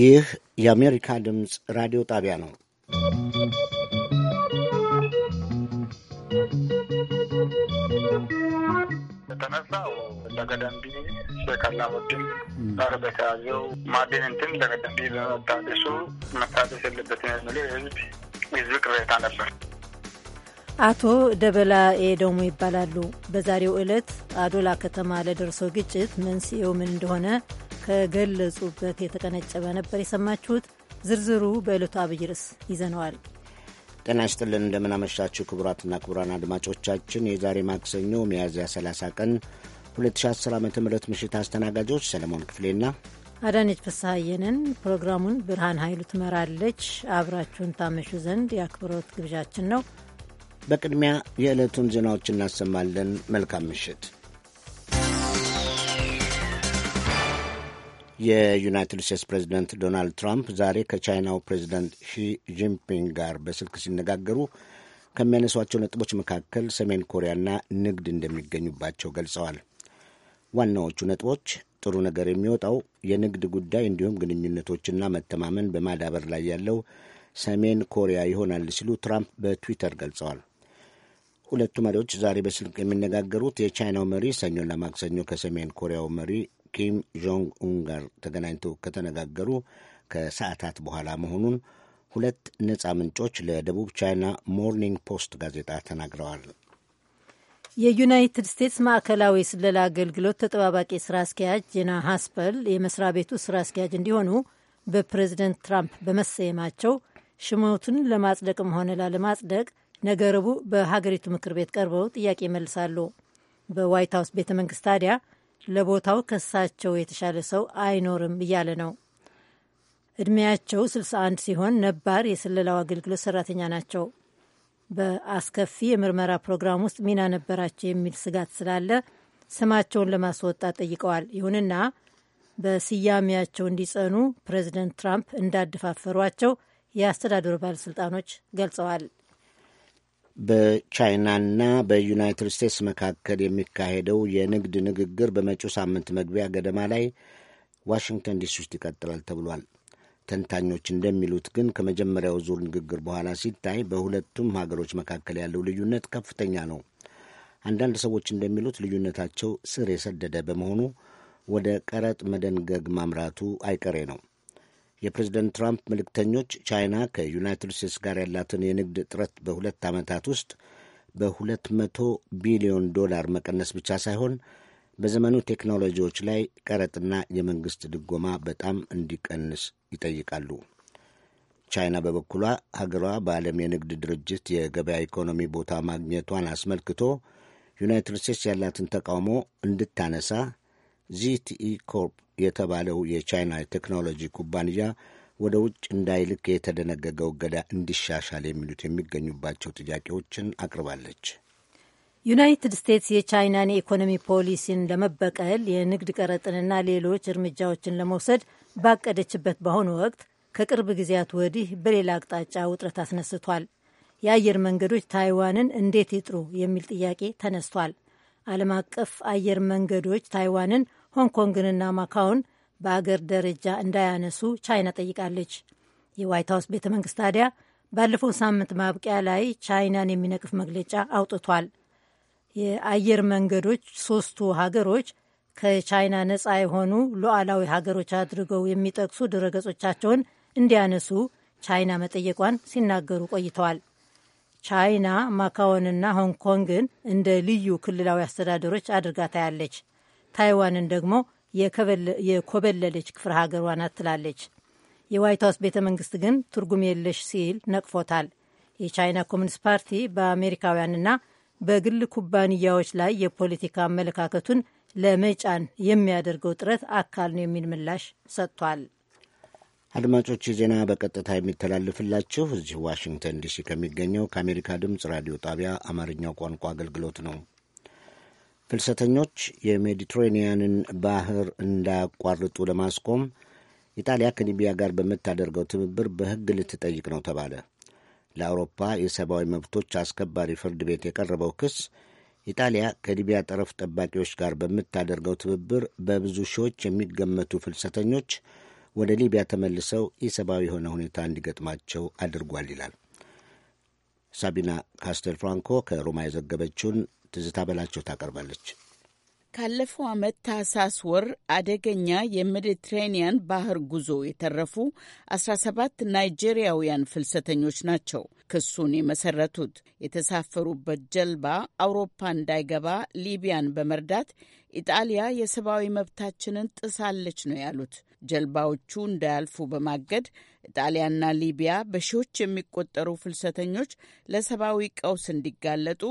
ይህ የአሜሪካ ድምፅ ራዲዮ ጣቢያ ነው። የተነሳው ለገደምቢ ጋር በተያዘው እንትን በመታደሱ መታደስ የለበትን የሚለው የህዝብ ቅሬታ ነበር። አቶ ደበላ ኤደሞ ይባላሉ። በዛሬው ዕለት አዶላ ከተማ ለደርሰው ግጭት መንስኤው ምን እንደሆነ ከገለጹበት የተቀነጨበ ነበር የሰማችሁት። ዝርዝሩ በዕለቱ አብይ ርዕስ ይዘነዋል። ጤና ይስጥልን፣ እንደምናመሻችሁ ክቡራትና ክቡራን አድማጮቻችን የዛሬ ማክሰኞ ሚያዝያ 30 ቀን 2010 ዓ ም ምሽት አስተናጋጆች ሰለሞን ክፍሌና አዳነች ፍስሐየንን። ፕሮግራሙን ብርሃን ኃይሉ ትመራለች። አብራችሁን ታመሹ ዘንድ የአክብሮት ግብዣችን ነው። በቅድሚያ የዕለቱን ዜናዎች እናሰማለን። መልካም ምሽት። የዩናይትድ ስቴትስ ፕሬዚደንት ዶናልድ ትራምፕ ዛሬ ከቻይናው ፕሬዚደንት ሺ ጂንፒንግ ጋር በስልክ ሲነጋገሩ ከሚያነሷቸው ነጥቦች መካከል ሰሜን ኮሪያና ንግድ እንደሚገኙባቸው ገልጸዋል። ዋናዎቹ ነጥቦች ጥሩ ነገር የሚወጣው የንግድ ጉዳይ እንዲሁም ግንኙነቶችና መተማመን በማዳበር ላይ ያለው ሰሜን ኮሪያ ይሆናል ሲሉ ትራምፕ በትዊተር ገልጸዋል። ሁለቱ መሪዎች ዛሬ በስልክ የሚነጋገሩት የቻይናው መሪ ሰኞና ማክሰኞ ከሰሜን ኮሪያው መሪ ኪም ጆንግ ኡን ጋር ተገናኝተው ከተነጋገሩ ከሰዓታት በኋላ መሆኑን ሁለት ነጻ ምንጮች ለደቡብ ቻይና ሞርኒንግ ፖስት ጋዜጣ ተናግረዋል። የዩናይትድ ስቴትስ ማዕከላዊ ስለላ አገልግሎት ተጠባባቂ ስራ አስኪያጅ ጄና ሃስፐል የመስሪያ ቤቱ ስራ አስኪያጅ እንዲሆኑ በፕሬዚደንት ትራምፕ በመሰየማቸው ሽሞቱን ለማጽደቅም ሆነ ላለማጽደቅ ነገ ረቡዕ በሀገሪቱ ምክር ቤት ቀርበው ጥያቄ ይመልሳሉ። በዋይት ሀውስ ቤተ መንግስት ታዲያ ለቦታው ከሳቸው የተሻለ ሰው አይኖርም እያለ ነው። እድሜያቸው 61 ሲሆን ነባር የስለላው አገልግሎት ሰራተኛ ናቸው። በአስከፊ የምርመራ ፕሮግራም ውስጥ ሚና ነበራቸው የሚል ስጋት ስላለ ስማቸውን ለማስወጣት ጠይቀዋል። ይሁንና በስያሜያቸው እንዲጸኑ ፕሬዚደንት ትራምፕ እንዳደፋፈሯቸው የአስተዳደሩ ባለሥልጣኖች ገልጸዋል። በቻይናና በዩናይትድ ስቴትስ መካከል የሚካሄደው የንግድ ንግግር በመጪው ሳምንት መግቢያ ገደማ ላይ ዋሽንግተን ዲሲ ውስጥ ይቀጥላል ተብሏል። ተንታኞች እንደሚሉት ግን ከመጀመሪያው ዙር ንግግር በኋላ ሲታይ በሁለቱም ሀገሮች መካከል ያለው ልዩነት ከፍተኛ ነው። አንዳንድ ሰዎች እንደሚሉት ልዩነታቸው ስር የሰደደ በመሆኑ ወደ ቀረጥ መደንገግ ማምራቱ አይቀሬ ነው። የፕሬዝደንት ትራምፕ መልእክተኞች ቻይና ከዩናይትድ ስቴትስ ጋር ያላትን የንግድ ጥረት በሁለት ዓመታት ውስጥ በ200 ቢሊዮን ዶላር መቀነስ ብቻ ሳይሆን በዘመኑ ቴክኖሎጂዎች ላይ ቀረጥና የመንግሥት ድጎማ በጣም እንዲቀንስ ይጠይቃሉ። ቻይና በበኩሏ ሀገሯ በዓለም የንግድ ድርጅት የገበያ ኢኮኖሚ ቦታ ማግኘቷን አስመልክቶ ዩናይትድ ስቴትስ ያላትን ተቃውሞ እንድታነሳ ዚቲኢ ኮርፕ የተባለው የቻይና ቴክኖሎጂ ኩባንያ ወደ ውጭ እንዳይልክ የተደነገገው እገዳ እንዲሻሻል የሚሉት የሚገኙባቸው ጥያቄዎችን አቅርባለች። ዩናይትድ ስቴትስ የቻይናን የኢኮኖሚ ፖሊሲን ለመበቀል የንግድ ቀረጥንና ሌሎች እርምጃዎችን ለመውሰድ ባቀደችበት በአሁኑ ወቅት ከቅርብ ጊዜያት ወዲህ በሌላ አቅጣጫ ውጥረት አስነስቷል። የአየር መንገዶች ታይዋንን እንዴት ይጥሩ የሚል ጥያቄ ተነስቷል። ዓለም አቀፍ አየር መንገዶች ታይዋንን ሆንግ ኮንግንና ማካውን በአገር ደረጃ እንዳያነሱ ቻይና ጠይቃለች። የዋይት ሀውስ ቤተ መንግስት ታዲያ ባለፈው ሳምንት ማብቂያ ላይ ቻይናን የሚነቅፍ መግለጫ አውጥቷል። የአየር መንገዶች ሶስቱ ሀገሮች ከቻይና ነፃ የሆኑ ሉዓላዊ ሀገሮች አድርገው የሚጠቅሱ ድረገጾቻቸውን እንዲያነሱ ቻይና መጠየቋን ሲናገሩ ቆይተዋል። ቻይና ማካዎንና ሆንግ ኮንግን እንደ ልዩ ክልላዊ አስተዳደሮች አድርጋ ታያለች። ታይዋንን ደግሞ የኮበለለች ክፍለ ሀገሯ ናት ትላለች። የዋይት ሀውስ ቤተ መንግስት ግን ትርጉም የለሽ ሲል ነቅፎታል። የቻይና ኮሚኒስት ፓርቲ በአሜሪካውያንና በግል ኩባንያዎች ላይ የፖለቲካ አመለካከቱን ለመጫን የሚያደርገው ጥረት አካል ነው የሚል ምላሽ ሰጥቷል። አድማጮች ዜና በቀጥታ የሚተላልፍላችሁ እዚህ ዋሽንግተን ዲሲ ከሚገኘው ከአሜሪካ ድምፅ ራዲዮ ጣቢያ አማርኛው ቋንቋ አገልግሎት ነው። ፍልሰተኞች የሜዲትሬኒያንን ባህር እንዳያቋርጡ ለማስቆም ኢጣሊያ ከሊቢያ ጋር በምታደርገው ትብብር በሕግ ልትጠይቅ ነው ተባለ። ለአውሮፓ የሰብአዊ መብቶች አስከባሪ ፍርድ ቤት የቀረበው ክስ ኢጣሊያ ከሊቢያ ጠረፍ ጠባቂዎች ጋር በምታደርገው ትብብር በብዙ ሺዎች የሚገመቱ ፍልሰተኞች ወደ ሊቢያ ተመልሰው ኢሰብአዊ የሆነ ሁኔታ እንዲገጥማቸው አድርጓል ይላል። ሳቢና ካስተል ፍራንኮ ከሮማ የዘገበችውን ትዝታ በላቸው ታቀርባለች። ካለፈው ዓመት ታህሳስ ወር አደገኛ የሜዲትሬኒያን ባህር ጉዞ የተረፉ 17 ናይጄሪያውያን ፍልሰተኞች ናቸው ክሱን የመሰረቱት። የተሳፈሩበት ጀልባ አውሮፓ እንዳይገባ ሊቢያን በመርዳት ኢጣሊያ የሰብአዊ መብታችንን ጥሳለች ነው ያሉት። ጀልባዎቹ እንዳያልፉ በማገድ ጣሊያንና ሊቢያ በሺዎች የሚቆጠሩ ፍልሰተኞች ለሰብአዊ ቀውስ እንዲጋለጡ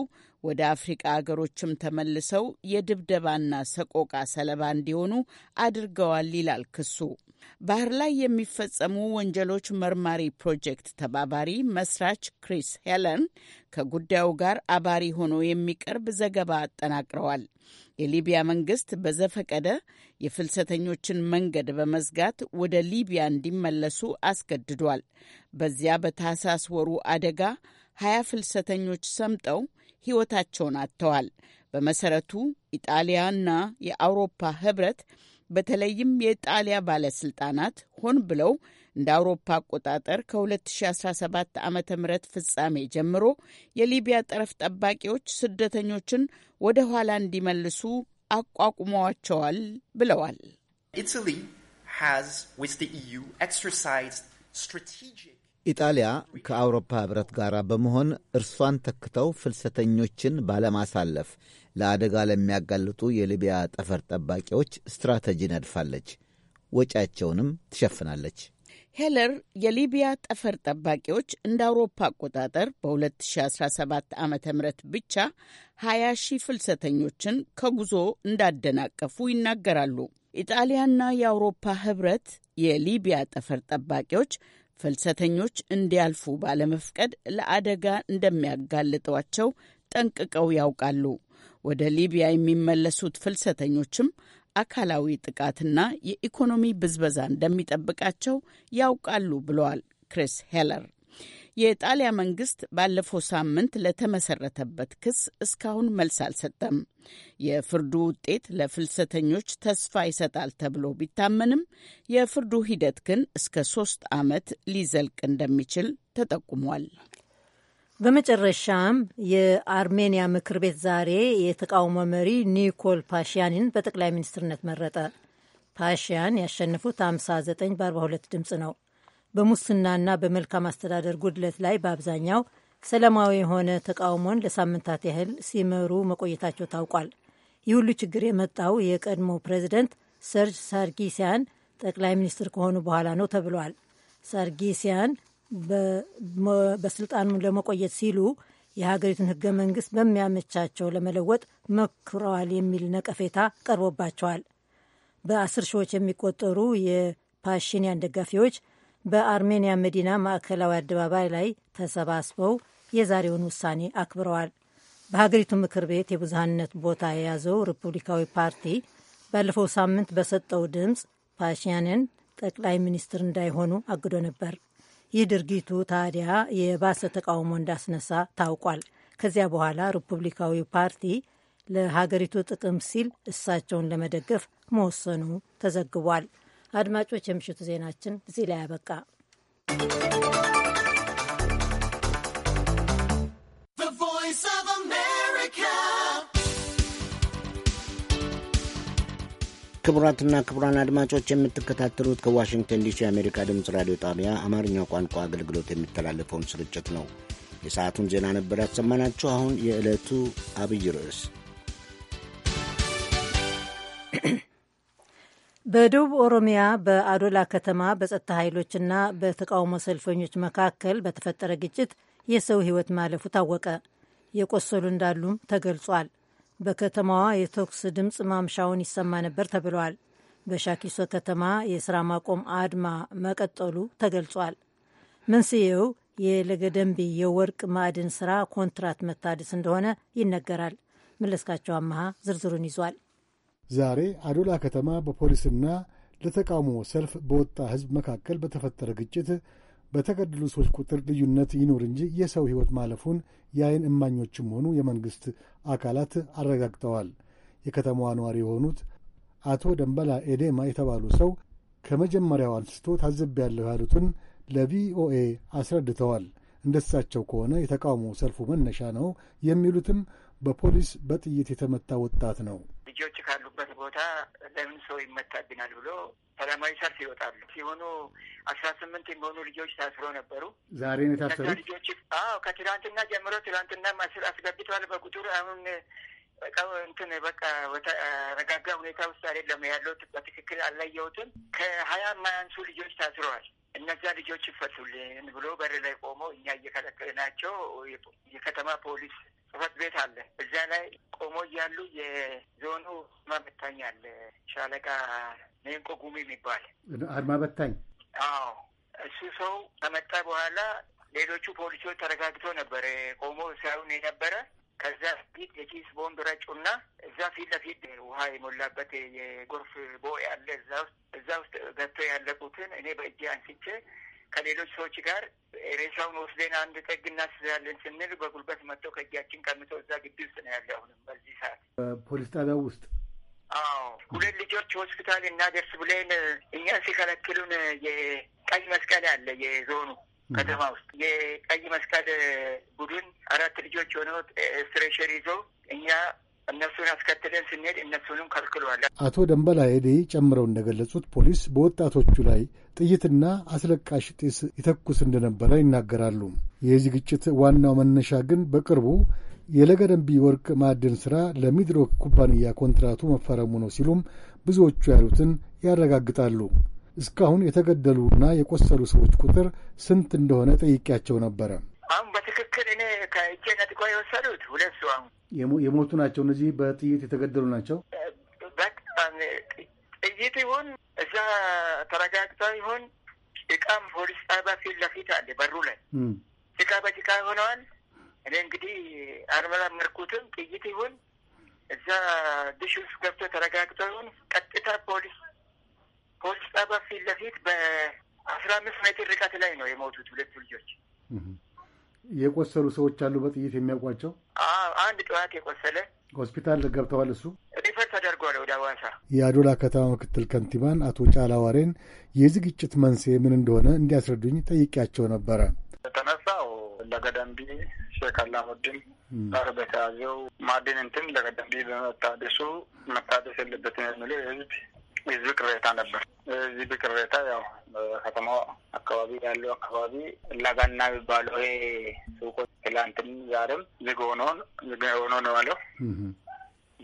ወደ አፍሪቃ አገሮችም ተመልሰው የድብደባና ሰቆቃ ሰለባ እንዲሆኑ አድርገዋል ይላል ክሱ። ባህር ላይ የሚፈጸሙ ወንጀሎች መርማሪ ፕሮጀክት ተባባሪ መስራች ክሪስ ሄለን ከጉዳዩ ጋር አባሪ ሆኖ የሚቀርብ ዘገባ አጠናቅረዋል። የሊቢያ መንግስት በዘፈቀደ የፍልሰተኞችን መንገድ በመዝጋት ወደ ሊቢያ እንዲመለሱ አስገድዷል። በዚያ በታህሳስ ወሩ አደጋ ሀያ ፍልሰተኞች ሰምጠው ሕይወታቸውን አጥተዋል። በመሰረቱ ኢጣሊያና የአውሮፓ ህብረት በተለይም የጣሊያ ባለስልጣናት ሆን ብለው እንደ አውሮፓ አቆጣጠር ከ2017 ዓ ም ፍጻሜ ጀምሮ የሊቢያ ጠረፍ ጠባቂዎች ስደተኞችን ወደ ኋላ እንዲመልሱ አቋቁመዋቸዋል ብለዋል። e ኢጣሊያ ከአውሮፓ ህብረት ጋር በመሆን እርሷን ተክተው ፍልሰተኞችን ባለማሳለፍ ለአደጋ ለሚያጋልጡ የሊቢያ ጠፈር ጠባቂዎች ስትራቴጂ ነድፋለች፣ ወጪያቸውንም ትሸፍናለች። ሄለር የሊቢያ ጠፈር ጠባቂዎች እንደ አውሮፓ አቆጣጠር በ2017 ዓ ም ብቻ 20 ሺህ ፍልሰተኞችን ከጉዞ እንዳደናቀፉ ይናገራሉ። ኢጣሊያና የአውሮፓ ህብረት የሊቢያ ጠፈር ጠባቂዎች ፍልሰተኞች እንዲያልፉ ባለመፍቀድ ለአደጋ እንደሚያጋልጧቸው ጠንቅቀው ያውቃሉ። ወደ ሊቢያ የሚመለሱት ፍልሰተኞችም አካላዊ ጥቃትና የኢኮኖሚ ብዝበዛ እንደሚጠብቃቸው ያውቃሉ ብለዋል ክሪስ ሄለር። የጣሊያ መንግስት ባለፈው ሳምንት ለተመሰረተበት ክስ እስካሁን መልስ አልሰጠም። የፍርዱ ውጤት ለፍልሰተኞች ተስፋ ይሰጣል ተብሎ ቢታመንም የፍርዱ ሂደት ግን እስከ ሶስት ዓመት ሊዘልቅ እንደሚችል ተጠቁሟል። በመጨረሻም የአርሜኒያ ምክር ቤት ዛሬ የተቃውሞ መሪ ኒኮል ፓሽያንን በጠቅላይ ሚኒስትርነት መረጠ። ፓሽያን ያሸነፉት 59 በ42 ድምፅ ነው። በሙስናና በመልካም አስተዳደር ጉድለት ላይ በአብዛኛው ሰላማዊ የሆነ ተቃውሞን ለሳምንታት ያህል ሲመሩ መቆየታቸው ታውቋል። ይህ ሁሉ ችግር የመጣው የቀድሞ ፕሬዚደንት ሰርጅ ሳርጊሲያን ጠቅላይ ሚኒስትር ከሆኑ በኋላ ነው ተብሏል። ሳርጊሲያን በስልጣኑ ለመቆየት ሲሉ የሀገሪቱን ህገ መንግስት በሚያመቻቸው ለመለወጥ መክረዋል የሚል ነቀፌታ ቀርቦባቸዋል። በአስር ሺዎች የሚቆጠሩ የፓሽኒያን ደጋፊዎች በአርሜኒያ መዲና ማዕከላዊ አደባባይ ላይ ተሰባስበው የዛሬውን ውሳኔ አክብረዋል። በሀገሪቱ ምክር ቤት የብዙሀንነት ቦታ የያዘው ሪፑብሊካዊ ፓርቲ ባለፈው ሳምንት በሰጠው ድምፅ ፓሽያንን ጠቅላይ ሚኒስትር እንዳይሆኑ አግዶ ነበር። ይህ ድርጊቱ ታዲያ የባሰ ተቃውሞ እንዳስነሳ ታውቋል። ከዚያ በኋላ ሪፑብሊካዊ ፓርቲ ለሀገሪቱ ጥቅም ሲል እሳቸውን ለመደገፍ መወሰኑ ተዘግቧል። አድማጮች፣ የምሽቱ ዜናችን እዚህ ላይ ያበቃ። ክቡራትና ክቡራን አድማጮች የምትከታተሉት ከዋሽንግተን ዲሲ የአሜሪካ ድምፅ ራዲዮ ጣቢያ አማርኛው ቋንቋ አገልግሎት የሚተላለፈውን ስርጭት ነው። የሰዓቱን ዜና ነበር ያሰማናችሁ። አሁን የዕለቱ አብይ ርዕስ በደቡብ ኦሮሚያ በአዶላ ከተማ በጸጥታ ኃይሎችና በተቃውሞ ሰልፈኞች መካከል በተፈጠረ ግጭት የሰው ሕይወት ማለፉ ታወቀ። የቆሰሉ እንዳሉም ተገልጿል። በከተማዋ የተኩስ ድምፅ ማምሻውን ይሰማ ነበር ተብሏል። በሻኪሶ ከተማ የስራ ማቆም አድማ መቀጠሉ ተገልጿል። መንስኤው የለገደንቢ የወርቅ ማዕድን ስራ ኮንትራት መታደስ እንደሆነ ይነገራል። መለስካቸው አመሃ ዝርዝሩን ይዟል። ዛሬ አዶላ ከተማ በፖሊስና ለተቃውሞ ሰልፍ በወጣ ሕዝብ መካከል በተፈጠረ ግጭት በተገደሉ ሰዎች ቁጥር ልዩነት ይኑር እንጂ የሰው ሕይወት ማለፉን የአይን እማኞችም ሆኑ የመንግሥት አካላት አረጋግጠዋል። የከተማዋ ነዋሪ የሆኑት አቶ ደንበላ ኤዴማ የተባሉ ሰው ከመጀመሪያው አንስቶ ታዝቤያለሁ ያሉትን ለቪኦኤ አስረድተዋል። እንደሳቸው ከሆነ የተቃውሞ ሰልፉ መነሻ ነው የሚሉትም በፖሊስ በጥይት የተመታ ወጣት ነው። ልጆች ካሉበት ቦታ ለምን ሰው ይመታብናል ብሎ ሰላማዊ ሰልፍ ይወጣሉ። ሲሆኑ አስራ ስምንት የሚሆኑ ልጆች ታስሮ ነበሩ። ዛሬ ነው የታሰሩት ልጆች። አዎ ከትላንትና ጀምሮ ትላንትና ማስር አስገብተዋል በቁጥር አሁን በቃ እንትን በቃ በተረጋጋ ሁኔታ ውስጥ አይደለም ያለው። በትክክል አላየሁትም። ከሀያ የማያንሱ ልጆች ታስረዋል። እነዛ ልጆች ይፈቱልን ብሎ በር ላይ ቆሞ እኛ ናቸው የከተማ ፖሊስ ጽህፈት ቤት አለ። እዛ ላይ ቆሞ እያሉ የዞኑ አድማ በታኝ አለ። ሻለቃ ሜንቆ ጉሚ የሚባል አድማ በታኝ። አዎ እሱ ሰው ከመጣ በኋላ ሌሎቹ ፖሊሶች ተረጋግቶ ነበረ ቆሞ ሳይሆን የነበረ ከዛ ፊት የኪስ ቦምብ ረጩና እዛ ፊት ለፊት ውሃ የሞላበት የጎርፍ ቦይ አለ እዛ ውስጥ እዛ ውስጥ ገብቶ ያለቁትን እኔ በእጅ አንስቼ ከሌሎች ሰዎች ጋር ሬሳውን ወስደን አንድ ጠግ እናስዛለን ስንል በጉልበት መጥተው ከእጃችን ቀምቶ እዛ ግቢ ውስጥ ነው ያለ። አሁንም በዚህ ሰዓት ፖሊስ ጣቢያ ውስጥ አዎ፣ ሁለት ልጆች ሆስፒታል እናደርስ ብለን እኛን ሲከለክሉን የቀይ መስቀል አለ የዞኑ ከተማ ውስጥ የቀይ መስቀል ቡድን አራት ልጆች ሆነው ስትሬሸር ይዘው እኛ እነሱን አስከትለን ስንሄድ እነሱንም ከልክሏል። አቶ ደንበላ ሄዴ ጨምረው እንደገለጹት ፖሊስ በወጣቶቹ ላይ ጥይትና አስለቃሽ ጢስ ይተኩስ እንደነበረ ይናገራሉ። የዚህ ግጭት ዋናው መነሻ ግን በቅርቡ የለገደንቢ ወርቅ ማዕድን ሥራ ለሚድሮክ ኩባንያ ኮንትራቱ መፈረሙ ነው ሲሉም ብዙዎቹ ያሉትን ያረጋግጣሉ። እስካሁን የተገደሉና የቆሰሉ ሰዎች ቁጥር ስንት እንደሆነ ጠይቄያቸው ነበረ። አሁን በትክክል እኔ ከእጄ ነጥቆ የወሰዱት ሁለት ሰው አሁን የሞቱ ናቸው። እነዚህ በጥይት የተገደሉ ናቸው። ጥይት ይሁን እዛ ተረጋግተው ይሁን ጭቃም ፖሊስ ጣቢያ ፊት ለፊት አለ በሩ ላይ ጭቃ በጭቃ ሆነዋል። እኔ እንግዲህ አልመረመርኩትም። ጥይት ይሁን እዛ ድሽ ውስጥ ገብቶ ተረጋግተው ይሁን ቀጥታ ፖሊስ ፖሊስ ጣቢያ ፊት ለፊት በአስራ አምስት ሜትር ርቀት ላይ ነው የሞቱት ሁለቱ ልጆች። የቆሰሉ ሰዎች አሉ በጥይት የሚያውቋቸው? አንድ ጠዋት የቆሰለ ሆስፒታል ገብተዋል። እሱ ሪፈር ተደርጓል ወደ አዋሳ። የአዶላ ከተማ ምክትል ከንቲባን አቶ ጫላ ዋሬን የዚህ ግጭት መንስኤ ምን እንደሆነ እንዲያስረዱኝ ጠይቄያቸው ነበረ። የተነሳው ለገደምቢ ሼክ አላሙዲን ጋር በተያዘው ማዕድን እንትን ለገደምቢ በመታደሱ መታደስ የለበትም የሚለው የህዝብ የህዝብ ቅሬታ ነበር። የህዝብ ቅሬታ ያው በከተማው አካባቢ ያለው አካባቢ ላጋና የሚባለው ይሄ ሱቆች ትላንትም ዛሬም ዝግ ሆኖ ዝግ ሆኖ ነው ያለው።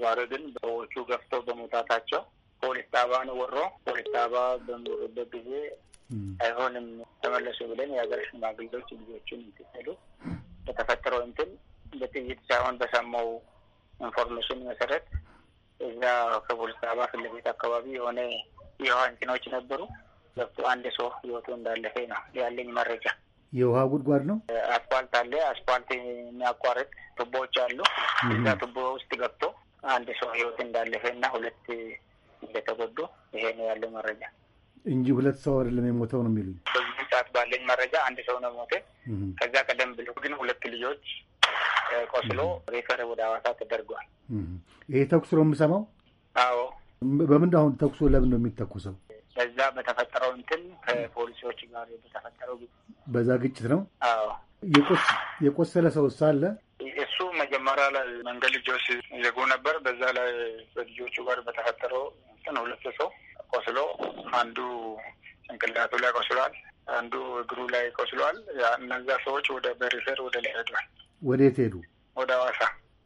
ዛሬ ግን ሰዎቹ ገፍተው በመውጣታቸው ፖሊስ ጣባ ነው ወሮ ፖሊስ ጣባ በሚወሩበት ጊዜ አይሆንም ተመለሱ ብለን የሀገር ሽማግሌዎች ልጆችን እንትሉ በተፈጠረው እንትን በጥይት ሳይሆን በሰማው ኢንፎርሜሽን መሰረት እዛ ከፖሊስ ጣቢያ ፊት ለፊት አካባቢ የሆነ የውሃ እንትኖች ነበሩ። ገብቶ አንድ ሰው ህይወቱ እንዳለፈ ነው ያለኝ መረጃ። የውሃ ጉድጓድ ነው። አስፋልት አለ። አስፋልት የሚያቋርጥ ቱቦዎች አሉ። እዛ ቱቦ ውስጥ ገብቶ አንድ ሰው ህይወት እንዳለፈ እና ሁለት እንደተጎዱ ይሄ ነው ያለው መረጃ እንጂ ሁለት ሰው አይደለም የሞተው ነው የሚሉኝ። በዚህ ሰዓት ባለኝ መረጃ አንድ ሰው ነው ሞተ። ከዛ ቀደም ብሎ ግን ሁለት ልጆች ቆስሎ ሬፈር ወደ ሐዋሳ ተደርገዋል። ይሄ ተኩስ ነው የምሰማው? አዎ። በምን አሁን ተኩሱ ለምን ነው የሚተኩሰው? በዛ በተፈጠረው እንትን ከፖሊሲዎች ጋር በተፈጠረው በዛ ግጭት ነው። አዎ። የቆሰለ ሰው ሳለ እሱ መጀመሪያ ላይ መንገድ ልጆች ዘጉ ነበር። በዛ ላይ በልጆቹ ጋር በተፈጠረው እንትን ሁለት ሰው ቆስሎ አንዱ ጭንቅላቱ ላይ ቆስሏል፣ አንዱ እግሩ ላይ ቆስሏል። እነዛ ሰዎች ወደ በሪፌር ወደ ላይ ሄዷል። ወዴት ሄዱ? ወደ ሐዋሳ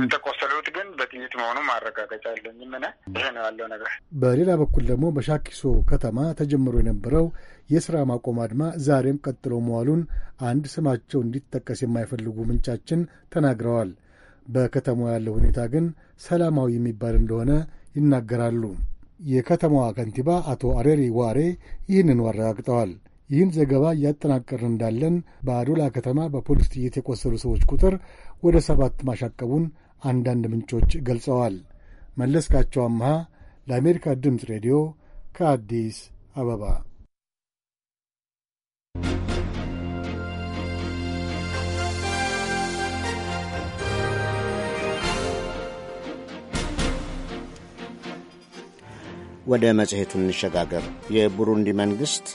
የተቆሰሉት ግን በጥይት መሆኑ ማረጋገጫ የለኝ። ይሄ ነው ያለው ነገር። በሌላ በኩል ደግሞ በሻኪሶ ከተማ ተጀምሮ የነበረው የስራ ማቆም አድማ ዛሬም ቀጥሎ መዋሉን አንድ ስማቸው እንዲጠቀስ የማይፈልጉ ምንጫችን ተናግረዋል። በከተማው ያለው ሁኔታ ግን ሰላማዊ የሚባል እንደሆነ ይናገራሉ። የከተማዋ ከንቲባ አቶ አሬሪ ዋሬ ይህንን አረጋግጠዋል። ይህን ዘገባ እያጠናቀርን እንዳለን በአዶላ ከተማ በፖሊስ ጥይት የቆሰሉ ሰዎች ቁጥር ወደ ሰባት ማሻቀቡን አንዳንድ ምንጮች ገልጸዋል። መለስካቸው አምሃ ለአሜሪካ ድምፅ ሬዲዮ ከአዲስ አበባ ወደ መጽሔቱ እንሸጋገር። የቡሩንዲ መንግሥት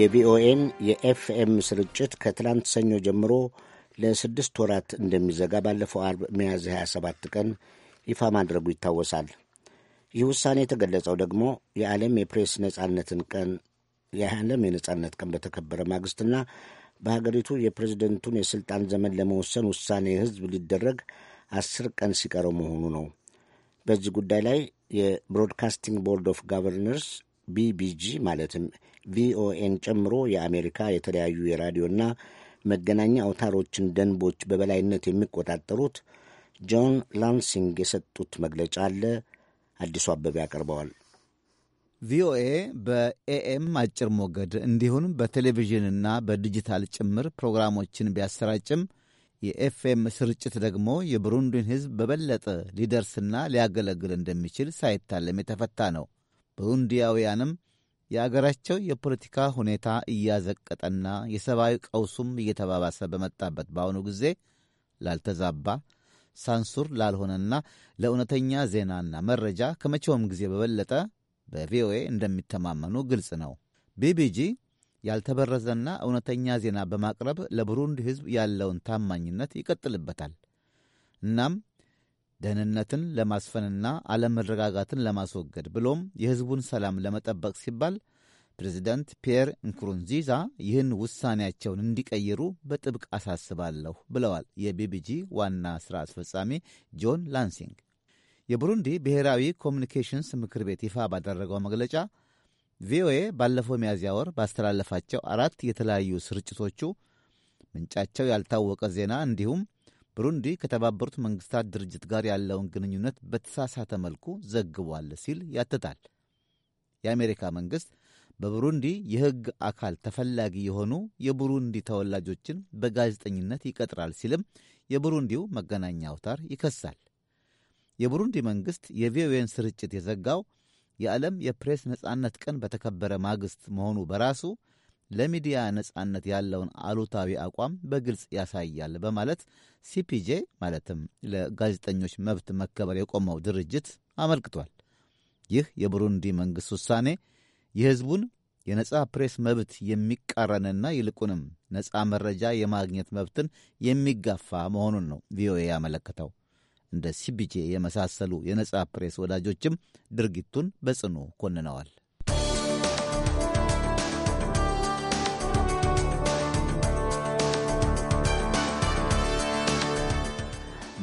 የቪኦኤን የኤፍኤም ስርጭት ከትላንት ሰኞ ጀምሮ ለስድስት ወራት እንደሚዘጋ ባለፈው አርብ ሚያዝያ 27 ቀን ይፋ ማድረጉ ይታወሳል። ይህ ውሳኔ የተገለጸው ደግሞ የዓለም የፕሬስ ነጻነትን ቀን የዓለም የነጻነት ቀን በተከበረ ማግስትና በሀገሪቱ የፕሬዝደንቱን የሥልጣን ዘመን ለመወሰን ውሳኔ ሕዝብ ሊደረግ አስር ቀን ሲቀረው መሆኑ ነው። በዚህ ጉዳይ ላይ የብሮድካስቲንግ ቦርድ ኦፍ ጋቨርነርስ ቢቢጂ ማለትም ቪኦኤን ጨምሮ የአሜሪካ የተለያዩ የራዲዮና መገናኛ አውታሮችን ደንቦች በበላይነት የሚቆጣጠሩት ጆን ላንሲንግ የሰጡት መግለጫ አለ። አዲሱ አበበ ያቀርበዋል። ቪኦኤ በኤኤም አጭር ሞገድ እንዲሁም በቴሌቪዥንና በዲጂታል ጭምር ፕሮግራሞችን ቢያሰራጭም የኤፍኤም ስርጭት ደግሞ የብሩንዲን ሕዝብ በበለጠ ሊደርስና ሊያገለግል እንደሚችል ሳይታለም የተፈታ ነው። ብሩንዲያውያንም የአገራቸው የፖለቲካ ሁኔታ እያዘቀጠና የሰብአዊ ቀውሱም እየተባባሰ በመጣበት በአሁኑ ጊዜ ላልተዛባ ሳንሱር ላልሆነና ለእውነተኛ ዜናና መረጃ ከመቼውም ጊዜ በበለጠ በቪኦኤ እንደሚተማመኑ ግልጽ ነው። ቢቢጂ ያልተበረዘና እውነተኛ ዜና በማቅረብ ለብሩንድ ሕዝብ ያለውን ታማኝነት ይቀጥልበታል። እናም ደህንነትን ለማስፈንና አለመረጋጋትን ለማስወገድ ብሎም የሕዝቡን ሰላም ለመጠበቅ ሲባል ፕሬዚደንት ፒየር እንኩሩንዚዛ ይህን ውሳኔያቸውን እንዲቀይሩ በጥብቅ አሳስባለሁ ብለዋል የቢቢጂ ዋና ሥራ አስፈጻሚ ጆን ላንሲንግ። የቡሩንዲ ብሔራዊ ኮሚኒኬሽንስ ምክር ቤት ይፋ ባደረገው መግለጫ ቪኦኤ ባለፈው ሚያዝያ ወር ባስተላለፋቸው አራት የተለያዩ ስርጭቶቹ ምንጫቸው ያልታወቀ ዜና እንዲሁም ብሩንዲ ከተባበሩት መንግስታት ድርጅት ጋር ያለውን ግንኙነት በተሳሳተ መልኩ ዘግቧል ሲል ያትታል። የአሜሪካ መንግስት በብሩንዲ የሕግ አካል ተፈላጊ የሆኑ የቡሩንዲ ተወላጆችን በጋዜጠኝነት ይቀጥራል ሲልም የብሩንዲው መገናኛ አውታር ይከሳል። የብሩንዲ መንግሥት የቪኦኤን ስርጭት የዘጋው የዓለም የፕሬስ ነጻነት ቀን በተከበረ ማግስት መሆኑ በራሱ ለሚዲያ ነጻነት ያለውን አሉታዊ አቋም በግልጽ ያሳያል በማለት ሲፒጄ ማለትም ለጋዜጠኞች መብት መከበር የቆመው ድርጅት አመልክቷል። ይህ የቡሩንዲ መንግሥት ውሳኔ የሕዝቡን የነጻ ፕሬስ መብት የሚቃረንና ይልቁንም ነጻ መረጃ የማግኘት መብትን የሚጋፋ መሆኑን ነው ቪኦኤ ያመለከተው። እንደ ሲፒጄ የመሳሰሉ የነጻ ፕሬስ ወዳጆችም ድርጊቱን በጽኑ ኮንነዋል።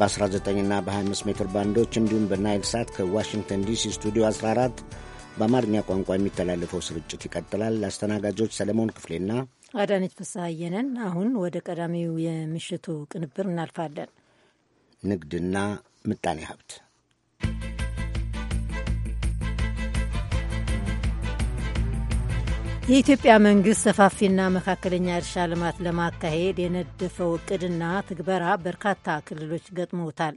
በ 19 እና በ25 ሜትር ባንዶች እንዲሁም በናይል ሳት ከዋሽንግተን ዲሲ ስቱዲዮ 14 በአማርኛ ቋንቋ የሚተላለፈው ስርጭት ይቀጥላል። አስተናጋጆች ሰለሞን ክፍሌና አዳነች ፍስሐየነን። አሁን ወደ ቀዳሚው የምሽቱ ቅንብር እናልፋለን። ንግድና ምጣኔ ሀብት የኢትዮጵያ መንግሥት ሰፋፊና መካከለኛ እርሻ ልማት ለማካሄድ የነደፈው እቅድና ትግበራ በርካታ ክልሎች ገጥመውታል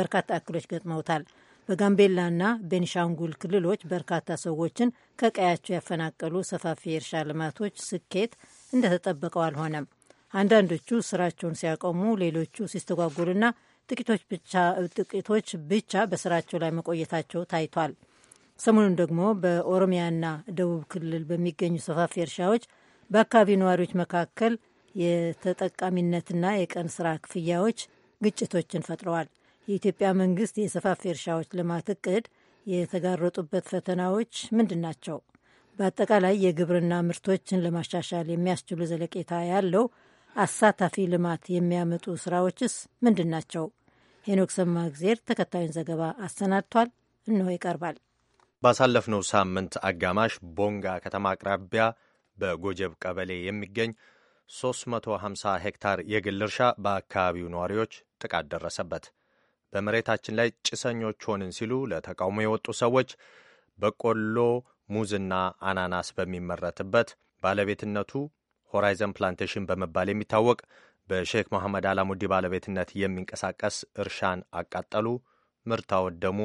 በርካታ እክሎች ገጥመውታል። በጋምቤላና ቤኒሻንጉል ክልሎች በርካታ ሰዎችን ከቀያቸው ያፈናቀሉ ሰፋፊ የእርሻ ልማቶች ስኬት እንደተጠበቀው አልሆነም። አንዳንዶቹ ስራቸውን ሲያቆሙ፣ ሌሎቹ ሲስተጓጉሉና ጥቂቶች ብቻ በስራቸው ላይ መቆየታቸው ታይቷል። ሰሞኑን ደግሞ በኦሮሚያና ደቡብ ክልል በሚገኙ ሰፋፊ እርሻዎች በአካባቢው ነዋሪዎች መካከል የተጠቃሚነትና የቀን ስራ ክፍያዎች ግጭቶችን ፈጥረዋል። የኢትዮጵያ መንግስት የሰፋፊ እርሻዎች ልማት እቅድ የተጋረጡበት ፈተናዎች ምንድን ናቸው? በአጠቃላይ የግብርና ምርቶችን ለማሻሻል የሚያስችሉ ዘለቄታ ያለው አሳታፊ ልማት የሚያመጡ ስራዎችስ ምንድን ናቸው? ሄኖክ ሰማእግዜር ተከታዩን ዘገባ አሰናድቷል። እንሆ ይቀርባል። ባሳለፍነው ሳምንት አጋማሽ ቦንጋ ከተማ አቅራቢያ በጎጀብ ቀበሌ የሚገኝ 350 ሄክታር የግል እርሻ በአካባቢው ነዋሪዎች ጥቃት ደረሰበት። በመሬታችን ላይ ጭሰኞች ሆንን ሲሉ ለተቃውሞ የወጡ ሰዎች በቆሎ፣ ሙዝና አናናስ በሚመረትበት ባለቤትነቱ ሆራይዘን ፕላንቴሽን በመባል የሚታወቅ በሼክ መሐመድ አላሙዲ ባለቤትነት የሚንቀሳቀስ እርሻን አቃጠሉ፣ ምርት አወደሙ፣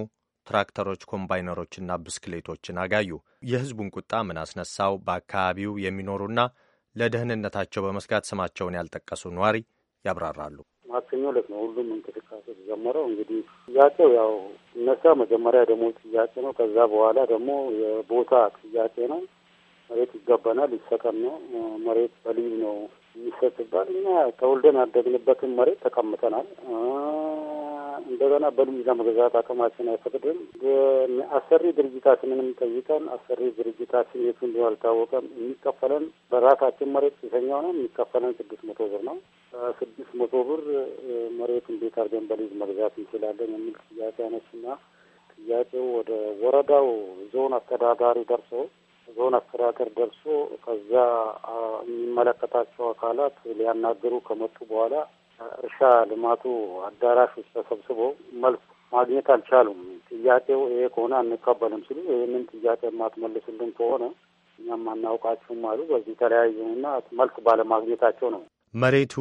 ትራክተሮች፣ ኮምባይነሮችና ብስክሌቶችን አጋዩ። የህዝቡን ቁጣ ምን አስነሳው? በአካባቢው የሚኖሩና ለደህንነታቸው በመስጋት ስማቸውን ያልጠቀሱ ነዋሪ ያብራራሉ። ማክሰኞ ዕለት ነው ሁሉም እንቅስቃሴ የተጀመረው። እንግዲህ ጥያቄው ያው እነሳ መጀመሪያ ደግሞ ጥያቄ ነው። ከዛ በኋላ ደግሞ የቦታ ጥያቄ ነው። መሬት ይገባናል ይሰጠን ነው። መሬት በልዩ ነው የሚሰጥባል። እኛ ተወልደን ያደግንበትን መሬት ተቀምጠናል እንደገና በልምድ ለመግዛት አቅማችን አይፈቅድም። አሰሪ ድርጅታችንንም ጠይቀን አሰሪ ድርጅታችን የቱ እንደሆነ አልታወቀም። የሚከፈለን በራሳችን መሬት ሲሰኛ ሆነ የሚከፈለን ስድስት መቶ ብር ነው። ስድስት መቶ ብር መሬት እንዴት አድርገን በሊዝ መግዛት እንችላለን የሚል ጥያቄ አነሱና ጥያቄው ወደ ወረዳው ዞን አስተዳዳሪ ደርሶ ዞን አስተዳደር ደርሶ ከዛ የሚመለከታቸው አካላት ሊያናገሩ ከመጡ በኋላ እርሻ ልማቱ አዳራሽ ውስጥ ተሰብስቦ መልስ ማግኘት አልቻሉም። ጥያቄው ይሄ ከሆነ አንቀበልም ሲሉ ይህንን ጥያቄ ማትመልስልን ከሆነ እኛም አናውቃችሁም አሉ። በዚህ ተለያዩና መልስ ባለማግኘታቸው ነው መሬቱ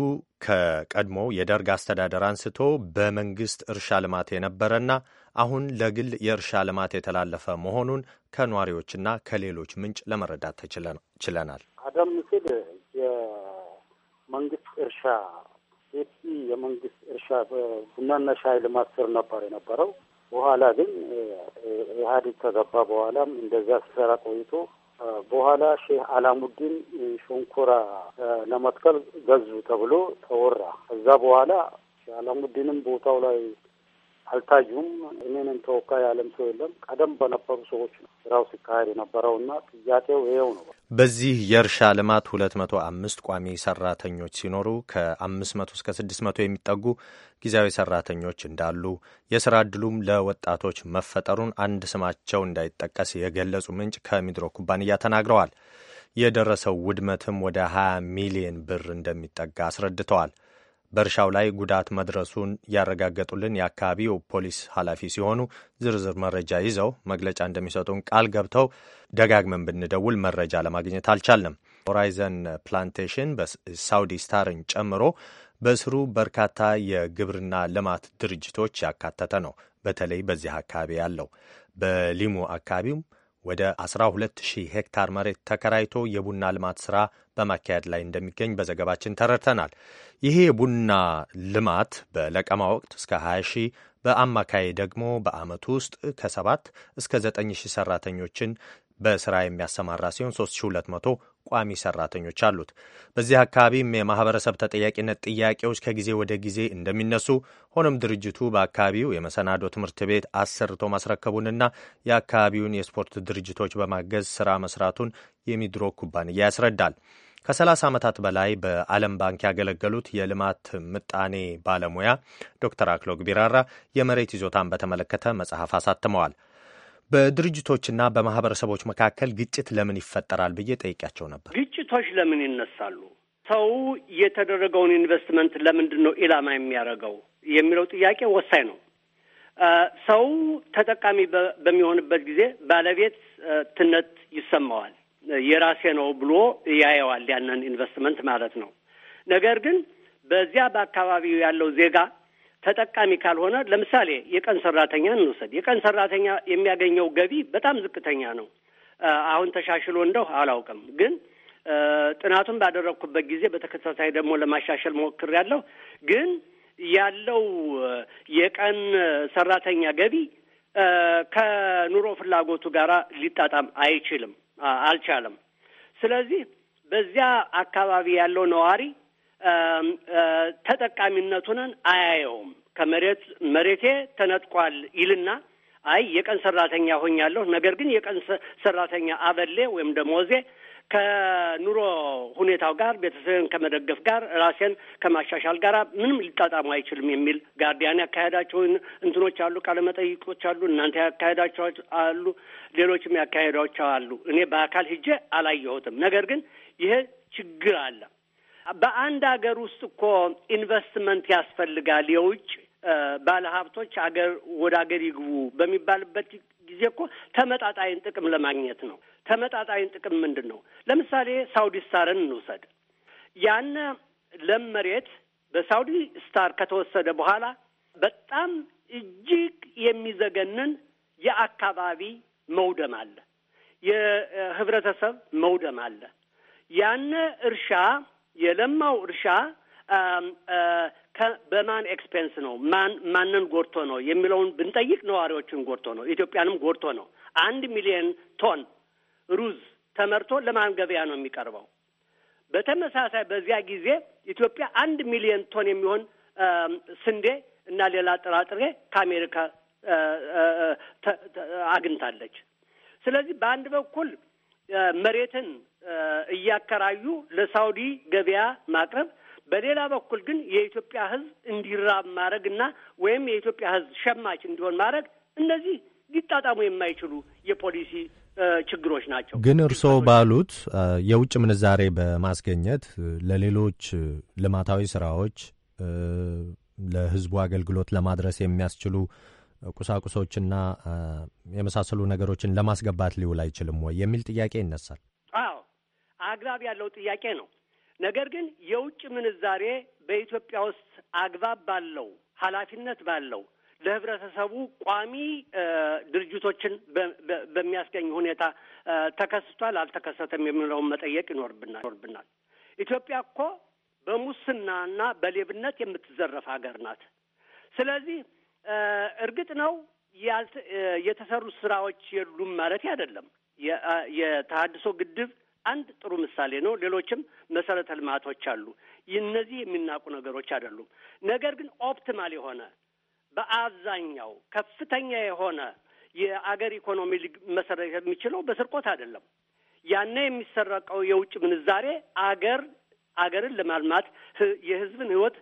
ከቀድሞ የደርግ አስተዳደር አንስቶ በመንግስት እርሻ ልማት የነበረና አሁን ለግል የእርሻ ልማት የተላለፈ መሆኑን ከኗሪዎችና ከሌሎች ምንጭ ለመረዳት ችለናል። ቀደም ሲል የመንግስት እርሻ ሰፊ የመንግስት እርሻ ቡናና ሻይ ልማት ስር ነበር የነበረው። በኋላ ግን ኢህአዴግ ከገባ በኋላም እንደዛ ሲሰራ ቆይቶ በኋላ ሼህ አላሙዲን ሸንኮራ ለመትከል ገዙ ተብሎ ተወራ። ከዛ በኋላ ሼህ አላሙዲንም ቦታው ላይ አልታዩም። እኔንም ተወካይ ያለም ሰው የለም። ቀደም በነበሩ ሰዎች ነው ስራው ሲካሄድ የነበረውና ጥያቄው ይኸው ነው። በዚህ የእርሻ ልማት ሁለት መቶ አምስት ቋሚ ሰራተኞች ሲኖሩ ከአምስት መቶ እስከ ስድስት መቶ የሚጠጉ ጊዜያዊ ሰራተኞች እንዳሉ የስራ እድሉም ለወጣቶች መፈጠሩን አንድ ስማቸው እንዳይጠቀስ የገለጹ ምንጭ ከሚድሮ ኩባንያ ተናግረዋል። የደረሰው ውድመትም ወደ 20 ሚሊዮን ብር እንደሚጠጋ አስረድተዋል። በእርሻው ላይ ጉዳት መድረሱን ያረጋገጡልን የአካባቢው ፖሊስ ኃላፊ ሲሆኑ ዝርዝር መረጃ ይዘው መግለጫ እንደሚሰጡን ቃል ገብተው ደጋግመን ብንደውል መረጃ ለማግኘት አልቻልንም። ሆራይዘን ፕላንቴሽን በሳውዲ ስታርን ጨምሮ በስሩ በርካታ የግብርና ልማት ድርጅቶች ያካተተ ነው። በተለይ በዚህ አካባቢ ያለው በሊሙ አካባቢውም ወደ 120 ሄክታር መሬት ተከራይቶ የቡና ልማት ስራ በማካሄድ ላይ እንደሚገኝ በዘገባችን ተረድተናል። ይሄ የቡና ልማት በለቀማ ወቅት እስከ 20 ሺህ በአማካይ ደግሞ በአመቱ ውስጥ ከ7 እስከ 9 ሰራተኞችን በስራ የሚያሰማራ ሲሆን 3200 ቋሚ ሰራተኞች አሉት። በዚህ አካባቢም የማህበረሰብ ተጠያቂነት ጥያቄዎች ከጊዜ ወደ ጊዜ እንደሚነሱ፣ ሆኖም ድርጅቱ በአካባቢው የመሰናዶ ትምህርት ቤት አሰርቶ ማስረከቡንና የአካባቢውን የስፖርት ድርጅቶች በማገዝ ስራ መስራቱን የሚድሮ ኩባንያ ያስረዳል። ከ30 ዓመታት በላይ በዓለም ባንክ ያገለገሉት የልማት ምጣኔ ባለሙያ ዶክተር አክሎግ ቢራራ የመሬት ይዞታን በተመለከተ መጽሐፍ አሳትመዋል። በድርጅቶችና በማህበረሰቦች መካከል ግጭት ለምን ይፈጠራል ብዬ ጠይቂያቸው ነበር። ግጭቶች ለምን ይነሳሉ? ሰው የተደረገውን ኢንቨስትመንት ለምንድን ነው ኢላማ የሚያደርገው የሚለው ጥያቄ ወሳኝ ነው። ሰው ተጠቃሚ በሚሆንበት ጊዜ ባለቤትነት ይሰማዋል። የራሴ ነው ብሎ ያየዋል፣ ያንን ኢንቨስትመንት ማለት ነው። ነገር ግን በዚያ በአካባቢው ያለው ዜጋ ተጠቃሚ ካልሆነ ለምሳሌ የቀን ሰራተኛ እንውሰድ። የቀን ሰራተኛ የሚያገኘው ገቢ በጣም ዝቅተኛ ነው። አሁን ተሻሽሎ እንደው አላውቅም፣ ግን ጥናቱን ባደረግኩበት ጊዜ በተከታታይ ደግሞ ለማሻሸል ሞክሬያለሁ። ግን ያለው የቀን ሰራተኛ ገቢ ከኑሮ ፍላጎቱ ጋር ሊጣጣም አይችልም፣ አልቻለም። ስለዚህ በዚያ አካባቢ ያለው ነዋሪ ተጠቃሚነቱንን አያየውም። ከመሬት መሬቴ ተነጥቋል ይልና አይ የቀን ሰራተኛ ሆኛለሁ፣ ነገር ግን የቀን ሰራተኛ አበሌ ወይም ደሞዜ ከኑሮ ሁኔታው ጋር ቤተሰብን ከመደገፍ ጋር ራሴን ከማሻሻል ጋር ምንም ሊጣጣሙ አይችልም የሚል ጋርዲያን ያካሄዳቸው እንትኖች አሉ፣ ቃለመጠይቆች አሉ፣ እናንተ ያካሄዳቸው አሉ፣ ሌሎችም ያካሄዳቸው አሉ። እኔ በአካል ሂጄ አላየሁትም። ነገር ግን ይሄ ችግር አለ። በአንድ ሀገር ውስጥ እኮ ኢንቨስትመንት ያስፈልጋል። የውጭ ባለሀብቶች አገር ወደ አገር ይግቡ በሚባልበት ጊዜ እኮ ተመጣጣኝ ጥቅም ለማግኘት ነው። ተመጣጣኝ ጥቅም ምንድን ነው? ለምሳሌ ሳውዲ ስታርን እንውሰድ። ያነ ለም መሬት በሳውዲ ስታር ከተወሰደ በኋላ በጣም እጅግ የሚዘገንን የአካባቢ መውደም አለ፣ የህብረተሰብ መውደም አለ። ያነ እርሻ የለማው እርሻ በማን ኤክስፔንስ ነው፣ ማን ማንን ጎድቶ ነው የሚለውን ብንጠይቅ ነዋሪዎችን ጎድቶ ነው፣ ኢትዮጵያንም ጎድቶ ነው። አንድ ሚሊዮን ቶን ሩዝ ተመርቶ ለማን ገበያ ነው የሚቀርበው? በተመሳሳይ በዚያ ጊዜ ኢትዮጵያ አንድ ሚሊዮን ቶን የሚሆን ስንዴ እና ሌላ ጥራጥሬ ከአሜሪካ አግኝታለች። ስለዚህ በአንድ በኩል መሬትን እያከራዩ ለሳውዲ ገበያ ማቅረብ፣ በሌላ በኩል ግን የኢትዮጵያ ሕዝብ እንዲራብ ማድረግ እና ወይም የኢትዮጵያ ሕዝብ ሸማች እንዲሆን ማድረግ እነዚህ ሊጣጣሙ የማይችሉ የፖሊሲ ችግሮች ናቸው። ግን እርስዎ ባሉት የውጭ ምንዛሬ በማስገኘት ለሌሎች ልማታዊ ስራዎች ለህዝቡ አገልግሎት ለማድረስ የሚያስችሉ ቁሳቁሶችና የመሳሰሉ ነገሮችን ለማስገባት ሊውል አይችልም ወይ የሚል ጥያቄ ይነሳል። አግባብ ያለው ጥያቄ ነው። ነገር ግን የውጭ ምንዛሬ በኢትዮጵያ ውስጥ አግባብ ባለው ኃላፊነት ባለው ለህብረተሰቡ ቋሚ ድርጅቶችን በሚያስገኝ ሁኔታ ተከስቷል አልተከሰተም የሚለውን መጠየቅ ይኖርብናል ይኖርብናል። ኢትዮጵያ እኮ በሙስናና በሌብነት የምትዘረፍ ሀገር ናት። ስለዚህ እርግጥ ነው የተሰሩ ስራዎች የሉም ማለት አይደለም። የተሀድሶ ግድብ አንድ ጥሩ ምሳሌ ነው። ሌሎችም መሰረተ ልማቶች አሉ። እነዚህ የሚናቁ ነገሮች አይደሉም። ነገር ግን ኦፕቲማል የሆነ በአብዛኛው ከፍተኛ የሆነ የአገር ኢኮኖሚ መሰረት የሚችለው በስርቆት አይደለም። ያነ የሚሰረቀው የውጭ ምንዛሬ አገር አገርን ለማልማት የህዝብን ህይወት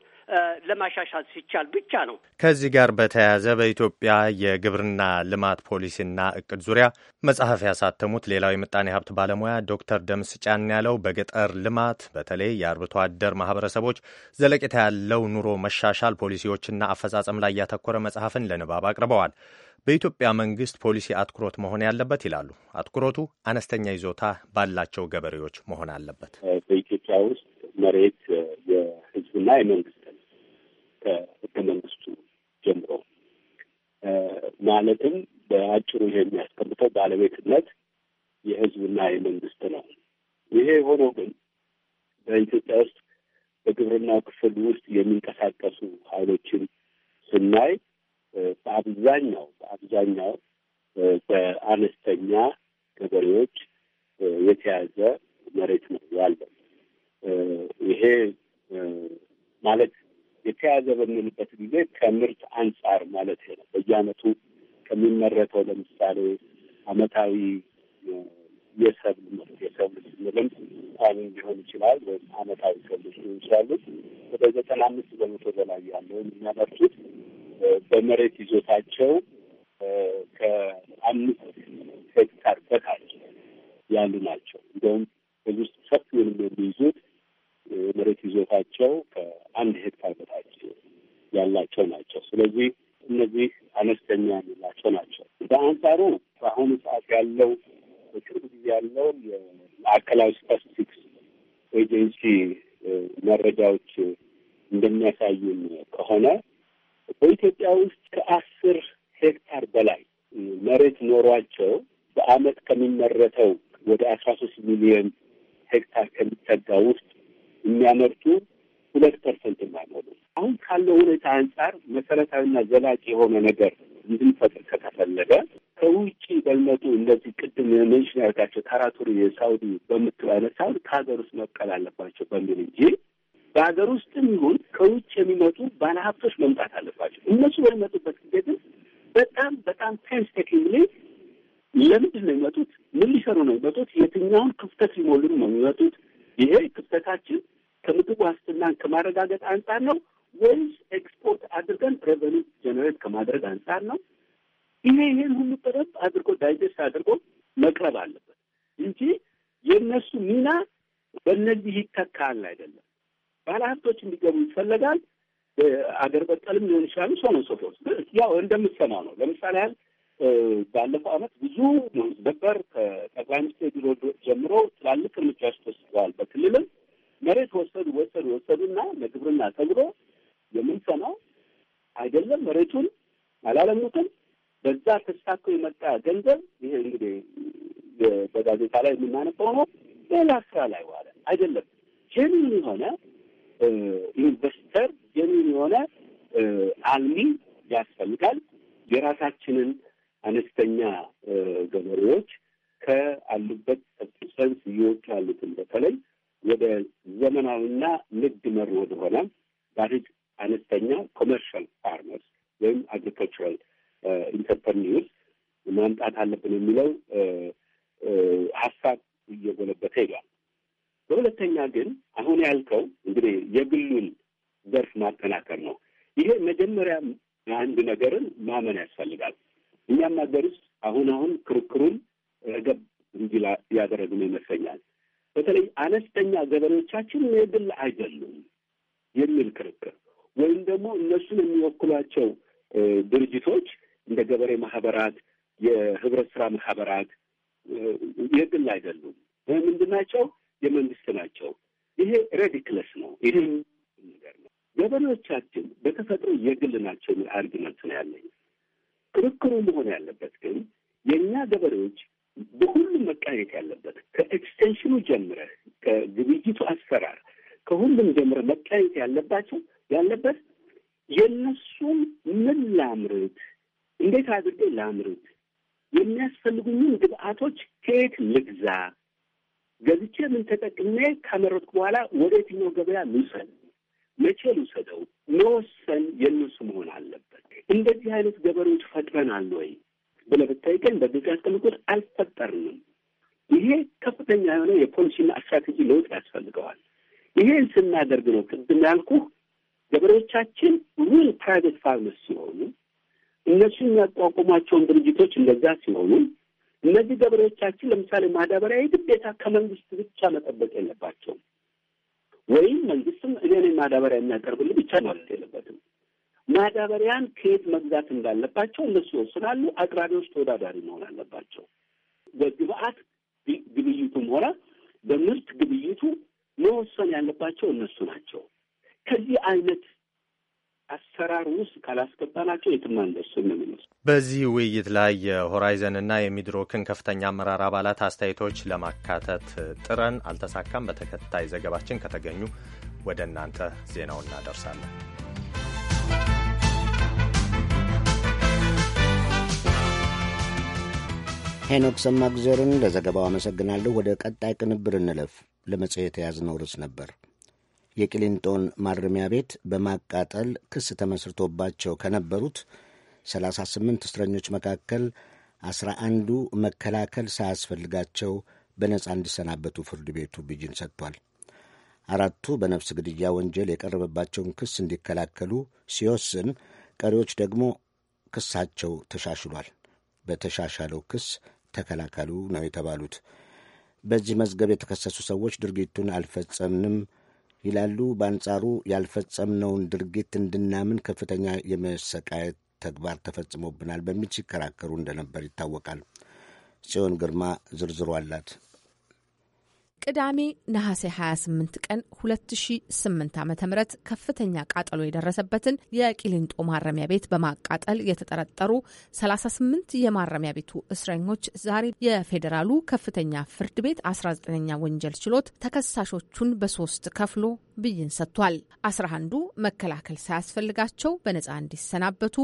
ለማሻሻል ሲቻል ብቻ ነው። ከዚህ ጋር በተያያዘ በኢትዮጵያ የግብርና ልማት ፖሊሲና እቅድ ዙሪያ መጽሐፍ ያሳተሙት ሌላው የምጣኔ ሀብት ባለሙያ ዶክተር ደምስ ጫን ያለው በገጠር ልማት በተለይ የአርብቶ አደር ማህበረሰቦች ዘለቄታ ያለው ኑሮ መሻሻል ፖሊሲዎችና አፈጻጸም ላይ ያተኮረ መጽሐፍን ለንባብ አቅርበዋል። በኢትዮጵያ መንግስት ፖሊሲ አትኩሮት መሆን ያለበት ይላሉ። አትኩሮቱ አነስተኛ ይዞታ ባላቸው ገበሬዎች መሆን አለበት። በኢትዮጵያ ውስጥ መሬት የህዝብና የመንግስት ከህገ መንግስቱ ጀምሮ ማለትም በአጭሩ ይሄ የሚያስቀምጠው ባለቤትነት የህዝብና የመንግስት ነው። ይሄ የሆነው ግን በኢትዮጵያ ውስጥ በግብርናው ክፍል ውስጥ የሚንቀሳቀሱ ኃይሎችን ስናይ በአብዛኛው በአብዛኛው በአነስተኛ ገበሬዎች የተያዘ መሬት ነው ያለው። ይሄ ማለት የተያዘ በምንልበት ጊዜ ከምርት አንጻር ማለት ነው። በየአመቱ ከሚመረተው ለምሳሌ አመታዊ የሰብል ምርት የሰብል ስንልም ታሚ ሊሆን ይችላል ወይም አመታዊ ሰብል ሊሆን ይችላሉ። ወደ ዘጠና አምስት በመቶ በላይ ያለው የሚያመርቱት በመሬት ይዞታቸው ከአምስት ሄክታር በታች ያሉ ናቸው። እንዲሁም ከዚህ ውስጥ ሰፊውንም የሚይዙት መሬት ይዞታቸው ከአንድ ሄክታር በታች ያላቸው ናቸው። ስለዚህ እነዚህ አነስተኛ እየወጡ ያሉትን በተለይ ወደ ዘመናዊና ንግድ መር ወደሆነ ባሪድ አነስተኛ ኮመርሻል ፋርመርስ ወይም አግሪካልቸራል ኢንተርፕርኒውስ ማምጣት አለብን የሚለው ሀሳብ እየጎለበተ ሄዷል። በሁለተኛ ግን አሁን ያልከው እንግዲህ የግሉን ዘርፍ ማጠናከር ነው። ይሄ መጀመሪያ አንድ ነገርን ማመን ያስፈልጋል። እኛም ሀገር ውስጥ አሁን አሁን ክርክሩን ረገብ እንዲላ ያደረግነው ይመስለኛል። በተለይ አነስተኛ ገበሬዎቻችን የግል አይደሉም የሚል ክርክር ወይም ደግሞ እነሱን የሚወክሏቸው ድርጅቶች እንደ ገበሬ ማህበራት፣ የህብረት ስራ ማህበራት የግል አይደሉም። ምንድን ናቸው? የመንግስት ናቸው። ይሄ ሬዲክለስ ነው። ይሄ ነገር ነው። ገበሬዎቻችን በተፈጥሮ የግል ናቸው የሚል አርጊመንት ነው ያለኝ። ክርክሩ መሆን ያለበት ግን የእኛ ገበሬዎች በሁሉም መቃኘት ያለበት ከኤክስቴንሽኑ ጀምረ ከግብይቱ አሰራር ከሁሉም ጀምረ መቃኘት ያለባቸው ያለበት የእነሱም ምን ላምርት፣ እንዴት አድርጌ ላምርት፣ የሚያስፈልጉኝን ግብአቶች ከየት ልግዛ፣ ገዝቼ ምን ተጠቅሜ ካመረጥኩ በኋላ ወደ የትኛው ገበያ ልውሰድ፣ መቼ ልውሰደው መወሰን የእነሱ መሆን አለበት። እንደዚህ አይነት ገበሬዎች ፈጥረናል ወይ? ብለህ ብታይ ግን በዲጂታል ቁጥር አልፈጠርንም። ይሄ ከፍተኛ የሆነ የፖሊሲና ስትራቴጂ ለውጥ ያስፈልገዋል። ይሄን ስናደርግ ነው ቅድም ያልኩህ ገበሬዎቻችን ሩል ፕራይቬት ፋርመርስ ሲሆኑ እነሱ የሚያቋቁሟቸውን ድርጅቶች እንደዛ ሲሆኑ እነዚህ ገበሬዎቻችን ለምሳሌ ማዳበሪያ የግዴታ ከመንግስት ብቻ መጠበቅ የለባቸውም። ወይም መንግስትም እኔ ማዳበሪያ የሚያቀርብልህ ብቻ ማለት የለበትም። ማዳበሪያን ከየት መግዛት እንዳለባቸው እነሱ ይወስናሉ። አቅራቢዎች ተወዳዳሪ መሆን አለባቸው። በግብአት ግብይቱም ሆነ በምርት ግብይቱ መወሰን ያለባቸው እነሱ ናቸው። ከዚህ አይነት አሰራር ውስጥ ካላስገባናቸው የትም አንደርስም ነው በዚህ ውይይት ላይ የሆራይዘንና የሚድሮክን ከፍተኛ አመራር አባላት አስተያየቶች ለማካተት ጥረን አልተሳካም። በተከታይ ዘገባችን ከተገኙ ወደ እናንተ ዜናውን እናደርሳለን። ሄኖክ ማግዘርን ለዘገባው አመሰግናለሁ። ወደ ቀጣይ ቅንብር እንለፍ። ለመጽሔት የያዝነው ርዕስ ነበር የቅሊንጦን ማረሚያ ቤት በማቃጠል ክስ ተመስርቶባቸው ከነበሩት 38 እስረኞች መካከል አስራ አንዱ መከላከል ሳያስፈልጋቸው በነጻ እንዲሰናበቱ ፍርድ ቤቱ ብይን ሰጥቷል። አራቱ በነፍስ ግድያ ወንጀል የቀረበባቸውን ክስ እንዲከላከሉ ሲወስን፣ ቀሪዎች ደግሞ ክሳቸው ተሻሽሏል። በተሻሻለው ክስ ተከላከሉ ነው የተባሉት። በዚህ መዝገብ የተከሰሱ ሰዎች ድርጊቱን አልፈጸምንም ይላሉ። በአንጻሩ ያልፈጸምነውን ድርጊት እንድናምን ከፍተኛ የመሰቃየት ተግባር ተፈጽሞብናል በሚል ሲከራከሩ እንደነበር ይታወቃል። ጽዮን ግርማ ዝርዝሩ አላት። ቅዳሜ ነሐሴ 28 ቀን 2008 ዓ ም ከፍተኛ ቃጠሎ የደረሰበትን የቂሊንጦ ማረሚያ ቤት በማቃጠል የተጠረጠሩ 38 የማረሚያ ቤቱ እስረኞች ዛሬ የፌዴራሉ ከፍተኛ ፍርድ ቤት 19ኛ ወንጀል ችሎት ተከሳሾቹን በሶስት ከፍሎ ብይን ሰጥቷል። 11ዱ መከላከል ሳያስፈልጋቸው በነፃ እንዲሰናበቱ፣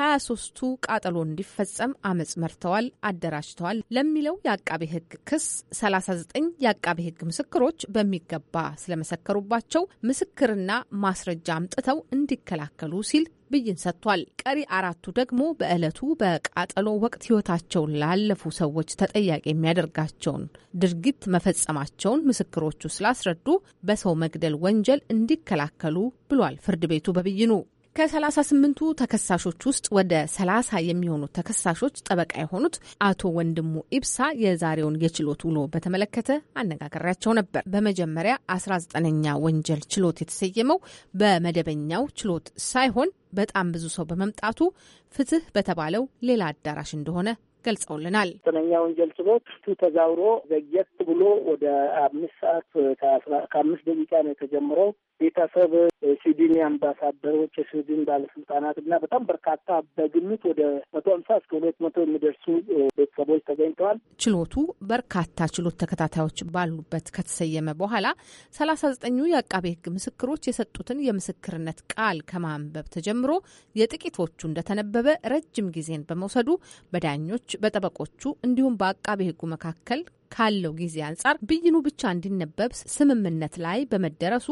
23ቱ ቃጠሎ እንዲፈጸም አመፅ መርተዋል፣ አደራጅተዋል ለሚለው የአቃቤ ሕግ ክስ 39 የአቃቤ አቃቤ ሕግ ምስክሮች በሚገባ ስለመሰከሩባቸው ምስክርና ማስረጃ አምጥተው እንዲከላከሉ ሲል ብይን ሰጥቷል። ቀሪ አራቱ ደግሞ በዕለቱ በቃጠሎ ወቅት ህይወታቸውን ላለፉ ሰዎች ተጠያቂ የሚያደርጋቸውን ድርጊት መፈጸማቸውን ምስክሮቹ ስላስረዱ በሰው መግደል ወንጀል እንዲከላከሉ ብሏል ፍርድ ቤቱ በብይኑ። ከ 38 ተከሳሾች ውስጥ ወደ 30 የሚሆኑት ተከሳሾች ጠበቃ የሆኑት አቶ ወንድሙ ኢብሳ የዛሬውን የችሎት ውሎ በተመለከተ አነጋገሪያቸው ነበር። በመጀመሪያ 19ኛ ወንጀል ችሎት የተሰየመው በመደበኛው ችሎት ሳይሆን በጣም ብዙ ሰው በመምጣቱ ፍትህ በተባለው ሌላ አዳራሽ እንደሆነ ገልጸውልናል። ዘጠነኛ ወንጀል ችሎት ፊቱ ተዛውሮ ዘግየት ብሎ ወደ አምስት ሰዓት ከአምስት ደቂቃ ነው የተጀምረው። ቤተሰብ ስዊድን አምባሳደሮች የስዊድን ባለስልጣናት እና በጣም በርካታ በግምት ወደ መቶ ሀምሳ እስከ ሁለት መቶ የሚደርሱ ቤተሰቦች ተገኝተዋል። ችሎቱ በርካታ ችሎት ተከታታዮች ባሉበት ከተሰየመ በኋላ ሰላሳ ዘጠኙ የአቃቤ ሕግ ምስክሮች የሰጡትን የምስክርነት ቃል ከማንበብ ተጀምሮ የጥቂቶቹ እንደተነበበ ረጅም ጊዜን በመውሰዱ በዳኞች በጠበቆቹ እንዲሁም በአቃቤ ሕጉ መካከል ካለው ጊዜ አንጻር ብይኑ ብቻ እንዲነበብ ስምምነት ላይ በመደረሱ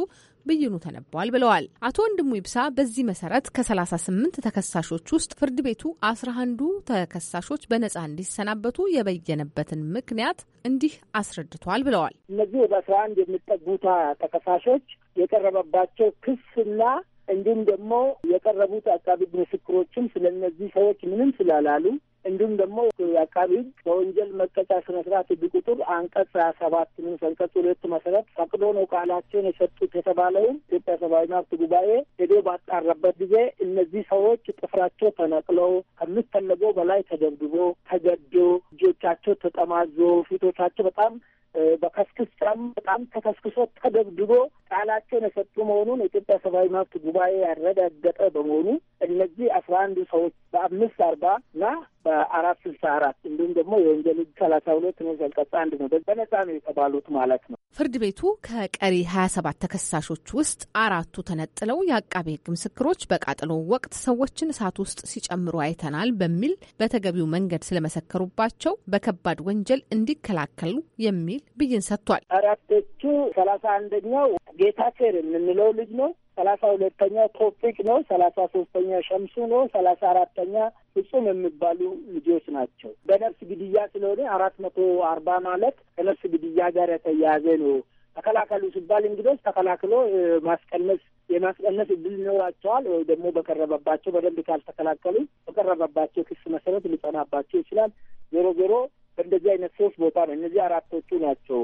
ብይኑ ተነቧል ብለዋል አቶ ወንድሙ ይብሳ። በዚህ መሰረት ከ38 ተከሳሾች ውስጥ ፍርድ ቤቱ 11ዱ ተከሳሾች በነጻ እንዲሰናበቱ የበየነበትን ምክንያት እንዲህ አስረድቷል ብለዋል። እነዚህ ወደ 11 የሚጠጉታ ተከሳሾች የቀረበባቸው ክስና እንዲሁም ደግሞ የቀረቡት አቃቢ ምስክሮችም ስለነዚህ ሰዎች ምንም ስላላሉ እንዲሁም ደግሞ የአቃቢ ሕግ በወንጀል መቀጫ ስነ ስርዓት ህግ ቁጥር አንቀጽ ሀያ ሰባት ንዑስ አንቀጽ ሁለት መሰረት ፈቅዶ ነው ቃላቸውን የሰጡት የተባለውን ኢትዮጵያ ሰብአዊ መብት ጉባኤ ሄዶ ባጣራበት ጊዜ እነዚህ ሰዎች ጥፍራቸው ተነቅለው ከሚፈለገው በላይ ተደብድቦ ተገዶ እጆቻቸው ተጠማዞ ፊቶቻቸው በጣም በከስክስም በጣም ተከስክሶ ተደብድቦ ቃላቸውን የሰጡ መሆኑን የኢትዮጵያ ሰብአዊ መብት ጉባኤ ያረጋገጠ በመሆኑ እነዚህ አስራ አንዱ ሰዎች በአምስት አርባ እና በአራት ስልሳ አራት እንዲሁም ደግሞ የወንጀል ህግ ሰላሳ ሁለት ነው አንቀጽ አንድ ነው በነጻ ነው የተባሉት ማለት ነው። ፍርድ ቤቱ ከቀሪ ሀያ ሰባት ተከሳሾች ውስጥ አራቱ ተነጥለው የአቃቤ ህግ ምስክሮች በቃጠሎ ወቅት ሰዎችን እሳት ውስጥ ሲጨምሩ አይተናል በሚል በተገቢው መንገድ ስለመሰከሩባቸው በከባድ ወንጀል እንዲከላከሉ የሚል ብይን ሰጥቷል። አራቶቹ ሰላሳ አንደኛው ጌታ ኬር የምንለው ልጅ ነው ሰላሳ ሁለተኛ ቶፒክ ነው። ሰላሳ ሶስተኛ ሸምሱ ነው። ሰላሳ አራተኛ ፍጹም የሚባሉ ልጆች ናቸው። በነፍስ ግድያ ስለሆነ አራት መቶ አርባ ማለት ከነፍስ ግድያ ጋር የተያያዘ ነው። ተከላከሉ ሲባል እንግዲህ ተከላክሎ ማስቀነስ የማስቀነስ እድል ይኖራቸዋል ወይ ደግሞ በቀረበባቸው በደንብ ካልተከላከሉ በቀረበባቸው ክስ መሰረት ሊጸናባቸው ይችላል። ዞሮ ዞሮ በእንደዚህ አይነት ሶስት ቦታ ነው። እነዚህ አራቶቹ ናቸው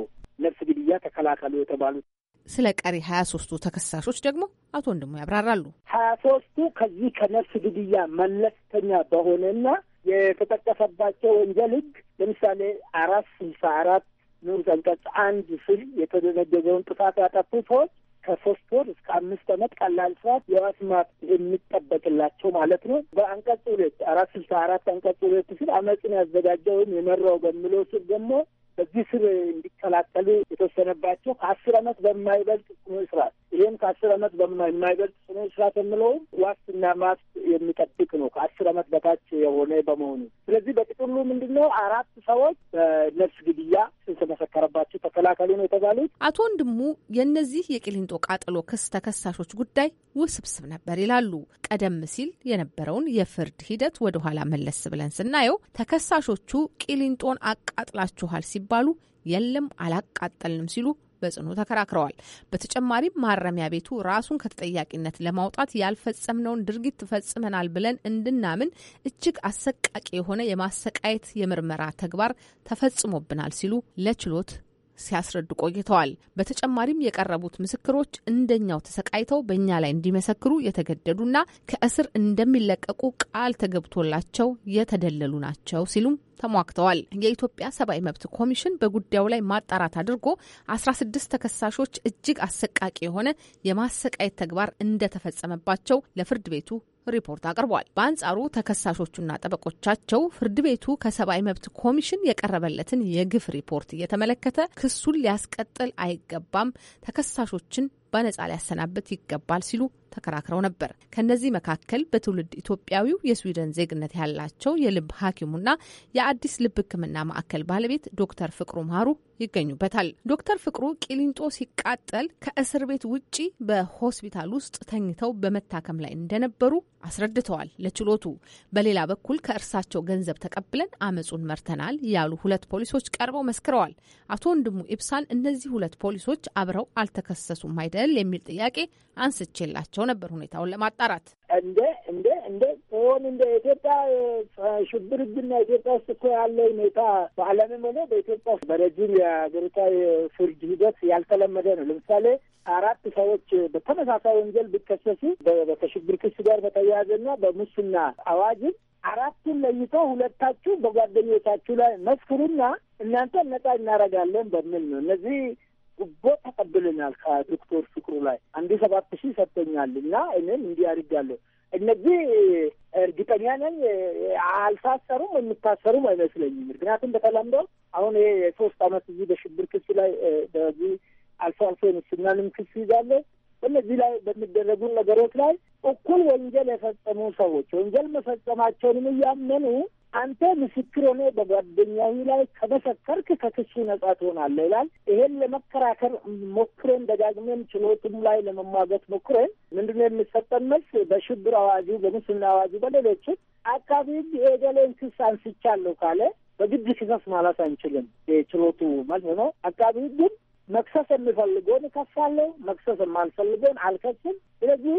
ነፍስ ግድያ ተከላከሉ የተባሉት። ስለ ቀሪ ሀያ ሶስቱ ተከሳሾች ደግሞ አቶ ወንድሙ ያብራራሉ። ሀያ ሶስቱ ከዚህ ከነፍስ ግድያ መለስተኛ በሆነና የተጠቀሰባቸው ወንጀል ህግ ለምሳሌ አራት ስልሳ አራት ንዑስ አንቀጽ አንድ ስር የተደነገገውን ጥፋት ያጠፉ ሰዎች ከሶስት ወር እስከ አምስት ዓመት ቀላል ስርዓት የዋስ ማት የሚጠበቅላቸው ማለት ነው። በአንቀጽ ሁለት አራት ስልሳ አራት አንቀጽ ሁለት ስር አመፅን ያዘጋጀውን የመራው በሚለው ስር ደግሞ በዚህ ስር እንዲቀላቀሉ የተወሰነባቸው ከአስር ዓመት በማይበልጥ ጽኑ እስራት ይህም ከአስር ዓመት በማይበልጥ ጽኑ እስራት የምለውም ዋስትና ማስ የሚጠብቅ ነው ከአስር ዓመት በታች የሆነ በመሆኑ። ስለዚህ በጥቅሉ ምንድን ነው አራት ሰዎች በነፍስ ግድያ ስንስ መሰከረባቸው ተከላከሉ ነው የተባሉት። አቶ ወንድሙ የእነዚህ የቅሊንጦ ቃጠሎ ክስ ተከሳሾች ጉዳይ ውስብስብ ነበር ይላሉ። ቀደም ሲል የነበረውን የፍርድ ሂደት ወደኋላ መለስ ብለን ስናየው ተከሳሾቹ ቂሊንጦን አቃጥላችኋል ሲባል ሲባሉ የለም አላቃጠልንም ሲሉ በጽኑ ተከራክረዋል። በተጨማሪም ማረሚያ ቤቱ ራሱን ከተጠያቂነት ለማውጣት ያልፈጸምነውን ድርጊት ፈጽመናል ብለን እንድናምን እጅግ አሰቃቂ የሆነ የማሰቃየት የምርመራ ተግባር ተፈጽሞብናል ሲሉ ለችሎት ሲያስረዱ ቆይተዋል። በተጨማሪም የቀረቡት ምስክሮች እንደኛው ተሰቃይተው በእኛ ላይ እንዲመሰክሩ የተገደዱና ከእስር እንደሚለቀቁ ቃል ተገብቶላቸው የተደለሉ ናቸው ሲሉም ተሟግተዋል። የኢትዮጵያ ሰብአዊ መብት ኮሚሽን በጉዳዩ ላይ ማጣራት አድርጎ 16 ተከሳሾች እጅግ አሰቃቂ የሆነ የማሰቃየት ተግባር እንደተፈጸመባቸው ለፍርድ ቤቱ ሪፖርት አቅርቧል። በአንጻሩ ተከሳሾቹና ጠበቆቻቸው ፍርድ ቤቱ ከሰብአዊ መብት ኮሚሽን የቀረበለትን የግፍ ሪፖርት እየተመለከተ ክሱን ሊያስቀጥል አይገባም፣ ተከሳሾችን በነጻ ሊያሰናብት ይገባል ሲሉ ተከራክረው ነበር። ከእነዚህ መካከል በትውልድ ኢትዮጵያዊው የስዊድን ዜግነት ያላቸው የልብ ሐኪሙና የአዲስ ልብ ሕክምና ማዕከል ባለቤት ዶክተር ፍቅሩ ማሩ ይገኙበታል። ዶክተር ፍቅሩ ቂሊንጦ ሲቃጠል ከእስር ቤት ውጪ በሆስፒታል ውስጥ ተኝተው በመታከም ላይ እንደነበሩ አስረድተዋል ለችሎቱ። በሌላ በኩል ከእርሳቸው ገንዘብ ተቀብለን አመፁን መርተናል ያሉ ሁለት ፖሊሶች ቀርበው መስክረዋል። አቶ ወንድሙ ኢብሳን እነዚህ ሁለት ፖሊሶች አብረው አልተከሰሱም አይደል የሚል ጥያቄ አንስቼላቸው ተገናኝተው ነበር ሁኔታውን ለማጣራት። እንደ እንደ እንደ ሆን እንደ ኢትዮጵያ ሽብር ህግና ኢትዮጵያ ውስጥ እኮ ያለ ሁኔታ በዓለምም ሆነ በኢትዮጵያ ውስጥ በረጅም የሀገሪቷ ፍርድ ሂደት ያልተለመደ ነው። ለምሳሌ አራት ሰዎች በተመሳሳይ ወንጀል ቢከሰሱ ከሽብር ክስ ጋር በተያያዘና በሙስና አዋጅም አራቱን ለይቶ ሁለታችሁ በጓደኞቻችሁ ላይ መስክሩና እናንተ ነጻ እናደርጋለን በሚል ነው እነዚህ ጉቦ ተቀብለናል ከዶክተር ፍቅሩ ላይ አንድ ሰባት ሺህ ሰጥተኛል እና እኔም እንዲህ አድርጋለሁ። እነዚህ እርግጠኛ ነኝ አልታሰሩም፣ የምታሰሩም አይመስለኝም። ምክንያቱም በተለምዶ አሁን ይሄ የሶስት አመት እዚህ በሽብር ክስ ላይ በዚህ አልፎ አልፎ የምስናንም ክስ ይዛለ በእነዚህ ላይ በሚደረጉ ነገሮች ላይ እኩል ወንጀል የፈጸሙ ሰዎች ወንጀል መፈጸማቸውንም እያመኑ አንተ ምስክር ሆነ በጓደኛዊ ላይ ከመሰከርክ ከክሱ ነጻ ትሆናለህ ይላል። ይሄን ለመከራከር ሞክረን ደጋግመን ችሎቱም ላይ ለመሟገት ሞክረን ምንድነው የምሰጠን መልስ? በሽብር አዋጁ፣ በሙስና አዋጁ፣ በሌሎችም አካባቢ ሕግ የገሌን ክስ አንስቻለሁ ካለ በግድ ክሰስ ማለት አንችልም። የችሎቱ መልስ ነው። አካባቢ ሕግም መክሰስ የሚፈልገውን እከሳለሁ፣ መክሰስ የማልፈልገውን አልከስም። ስለዚህ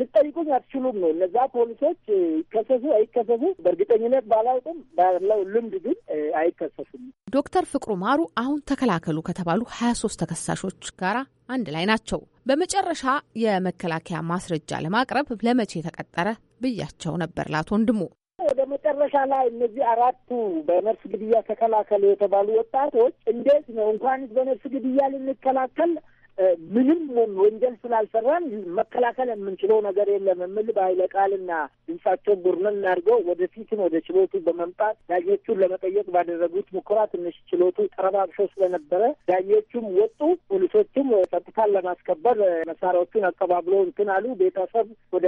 ልጠይቁኝ አትችሉም ነው። እነዛ ፖሊሶች ይከሰሱ አይከሰሱ በእርግጠኝነት ባላውቅም ባለው ልምድ ግን አይከሰሱም። ዶክተር ፍቅሩ ማሩ አሁን ተከላከሉ ከተባሉ ሀያ ሶስት ተከሳሾች ጋራ አንድ ላይ ናቸው። በመጨረሻ የመከላከያ ማስረጃ ለማቅረብ ለመቼ ተቀጠረ ብያቸው ነበር ላቶ ወንድሙ። ወደ መጨረሻ ላይ እነዚህ አራቱ በነፍስ ግድያ ተከላከሉ የተባሉ ወጣቶች እንዴት ነው እንኳን በነፍስ ግድያ ልንከላከል ምንም ወንጀል ስላልሰራን መከላከል የምንችለው ነገር የለም የሚል በኃይለ ቃልና ድምጻቸውን ቡርነን አድርገው ወደፊትም ወደ ችሎቱ በመምጣት ዳኞቹን ለመጠየቅ ባደረጉት ሙከራ ትንሽ ችሎቱ ተረባብሾ ስለነበረ ዳኞቹም ወጡ። ፖሊሶቹም ጸጥታን ለማስከበር መሳሪያዎቹን አቀባብሎ እንትን አሉ። ቤተሰብ ወደ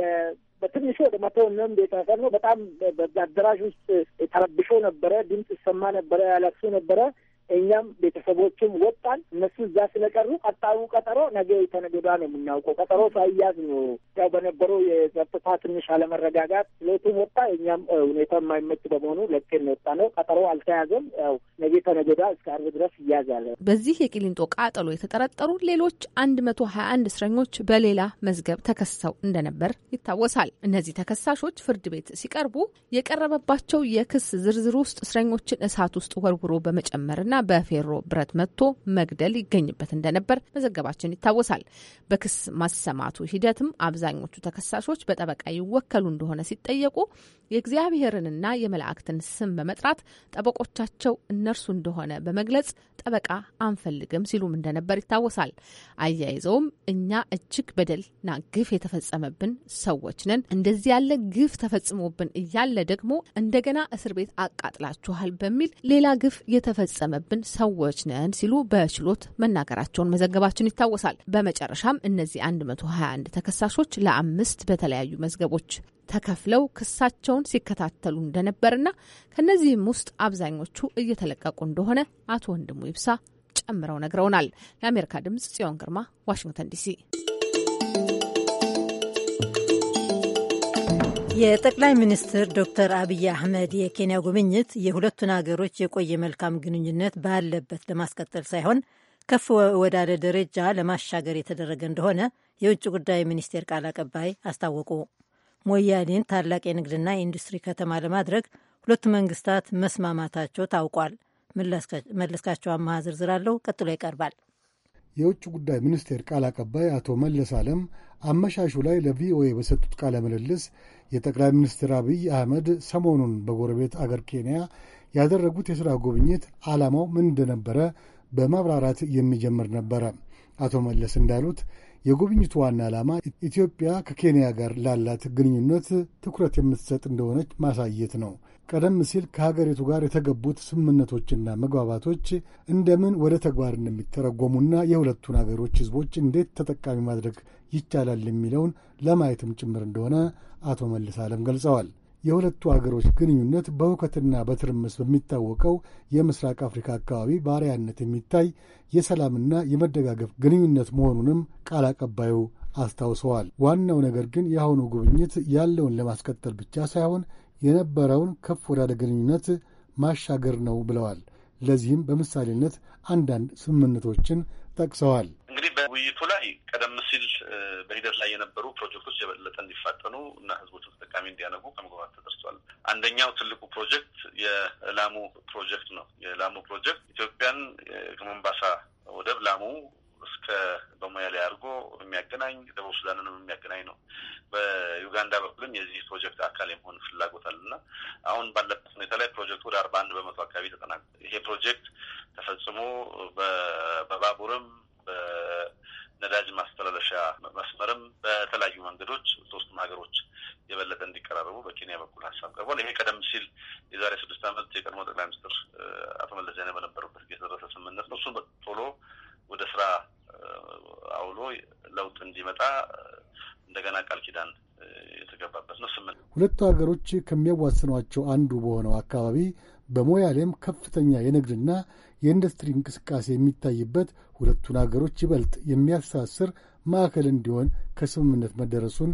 በትንሹ ወደ መቶ ቤተሰብ ነው። በጣም በአዳራሽ ውስጥ ተረብሾ ነበረ። ድምፅ ይሰማ ነበረ፣ ያለቅሱ ነበረ። እኛም ቤተሰቦችም ወጣን። እነሱ እዛ ስለቀሩ ቀጣዩ ቀጠሮ ነገ የተነገ ነው የምናውቀው። ቀጠሮ ሳያዝ ነው ያው በነበረው የጸጥታ ትንሽ አለመረጋጋት ስለቱም ወጣ። እኛም ሁኔታ የማይመች በመሆኑ ለቅን ወጣ ነው። ቀጠሮ አልተያዘም። ያው ነገ የተነገ እስከ አርብ ድረስ ይያዛል። በዚህ የቂሊንጦ ቃጠሎ የተጠረጠሩ ሌሎች አንድ መቶ ሀያ አንድ እስረኞች በሌላ መዝገብ ተከሰው እንደነበር ይታወሳል። እነዚህ ተከሳሾች ፍርድ ቤት ሲቀርቡ የቀረበባቸው የክስ ዝርዝር ውስጥ እስረኞችን እሳት ውስጥ ወርውሮ በመጨመርና በፌሮ ብረት መጥቶ መግደል ይገኝበት እንደነበር መዘገባችን ይታወሳል። በክስ ማሰማቱ ሂደትም አብዛኞቹ ተከሳሾች በጠበቃ ይወከሉ እንደሆነ ሲጠየቁ የእግዚአብሔርንና የመላእክትን ስም በመጥራት ጠበቆቻቸው እነርሱ እንደሆነ በመግለጽ ጠበቃ አንፈልግም ሲሉም እንደነበር ይታወሳል። አያይዘውም እኛ እጅግ በደልና ግፍ የተፈጸመብን ሰዎች ነን፣ እንደዚህ ያለ ግፍ ተፈጽሞብን እያለ ደግሞ እንደገና እስር ቤት አቃጥላችኋል በሚል ሌላ ግፍ የተፈጸመ ያለብን ሰዎች ነን ሲሉ በችሎት መናገራቸውን መዘገባችን ይታወሳል። በመጨረሻም እነዚህ 121 ተከሳሾች ለአምስት በተለያዩ መዝገቦች ተከፍለው ክሳቸውን ሲከታተሉ እንደነበርና ከእነዚህም ውስጥ አብዛኞቹ እየተለቀቁ እንደሆነ አቶ ወንድሙ ይብሳ ጨምረው ነግረውናል። ለአሜሪካ ድምጽ ጽዮን ግርማ ዋሽንግተን ዲሲ የጠቅላይ ሚኒስትር ዶክተር አብይ አህመድ የኬንያ ጉብኝት የሁለቱን አገሮች የቆየ መልካም ግንኙነት ባለበት ለማስቀጠል ሳይሆን ከፍ ወዳለ ደረጃ ለማሻገር የተደረገ እንደሆነ የውጭ ጉዳይ ሚኒስቴር ቃል አቀባይ አስታወቁ። ሞያሌን ታላቅ የንግድና የኢንዱስትሪ ከተማ ለማድረግ ሁለቱ መንግስታት መስማማታቸው ታውቋል። መለስካቸው አማሃ ዝርዝር አለው፣ ቀጥሎ ይቀርባል። የውጭ ጉዳይ ሚኒስቴር ቃል አቀባይ አቶ መለስ ዓለም አመሻሹ ላይ ለቪኦኤ በሰጡት ቃለ ምልልስ የጠቅላይ ሚኒስትር አብይ አህመድ ሰሞኑን በጎረቤት አገር ኬንያ ያደረጉት የሥራ ጉብኝት ዓላማው ምን እንደነበረ በማብራራት የሚጀምር ነበረ። አቶ መለስ እንዳሉት የጉብኝቱ ዋና ዓላማ ኢትዮጵያ ከኬንያ ጋር ላላት ግንኙነት ትኩረት የምትሰጥ እንደሆነች ማሳየት ነው። ቀደም ሲል ከሀገሪቱ ጋር የተገቡት ስምምነቶችና መግባባቶች እንደምን ወደ ተግባር እንደሚተረጎሙና የሁለቱን አገሮች ህዝቦች እንዴት ተጠቃሚ ማድረግ ይቻላል የሚለውን ለማየትም ጭምር እንደሆነ አቶ መልስ ዓለም ገልጸዋል። የሁለቱ አገሮች ግንኙነት በእውከትና በትርምስ በሚታወቀው የምስራቅ አፍሪካ አካባቢ ባሪያነት የሚታይ የሰላምና የመደጋገፍ ግንኙነት መሆኑንም ቃል አቀባዩ አስታውሰዋል። ዋናው ነገር ግን የአሁኑ ጉብኝት ያለውን ለማስቀጠል ብቻ ሳይሆን የነበረውን ከፍ ወዳለ ግንኙነት ማሻገር ነው ብለዋል። ለዚህም በምሳሌነት አንዳንድ ስምምነቶችን ጠቅሰዋል። እንግዲህ በውይይቱ ላይ ቀደም ሲል በሂደት ላይ የነበሩ ፕሮጀክቶች የበለጠ እንዲፋጠኑ እና ህዝቦችን ተጠቃሚ እንዲያነጉ ከመግባባት ተደርሷል። አንደኛው ትልቁ ፕሮጀክት የላሙ ፕሮጀክት ነው። የላሙ ፕሮጀክት ኢትዮጵያን ከሞምባሳ ወደብ ላሙ እስከ በሙያ ላይ አድርጎ የሚያገናኝ ደቡብ ሱዳንንም የሚያገናኝ ነው። በዩጋንዳ በኩልም የዚህ ፕሮጀክት አካል የመሆን ፍላጎት አለና አሁን ባለበት ሁኔታ ላይ ፕሮጀክቱ ወደ አርባ አንድ በመቶ አካባቢ ተጠናል። ይሄ ፕሮጀክት ተፈጽሞ በባቡርም በነዳጅ ማስተላለሻ መስመርም በተለያዩ መንገዶች ሶስቱም ሀገሮች የበለጠ እንዲቀራረቡ በኬንያ በኩል ሀሳብ ቀርቧል። ይሄ ቀደም ሲል የዛሬ ስድስት ዓመት የቀድሞ ጠቅላይ ሚኒስትር አቶ መለስ ዜናዊ በነበሩበት ጊዜ የተደረሰ ስምምነት ነው። እሱን ቶሎ ወደ ስራ አውሎ ለውጥ እንዲመጣ እንደገና ቃል ኪዳን የተገባበት ነው። ስምንት ሁለቱ ሀገሮች ከሚያዋስኗቸው አንዱ በሆነው አካባቢ በሞያሌም ከፍተኛ የንግድና የኢንዱስትሪ እንቅስቃሴ የሚታይበት ሁለቱን ሀገሮች ይበልጥ የሚያሳስር ማዕከል እንዲሆን ከስምምነት መደረሱን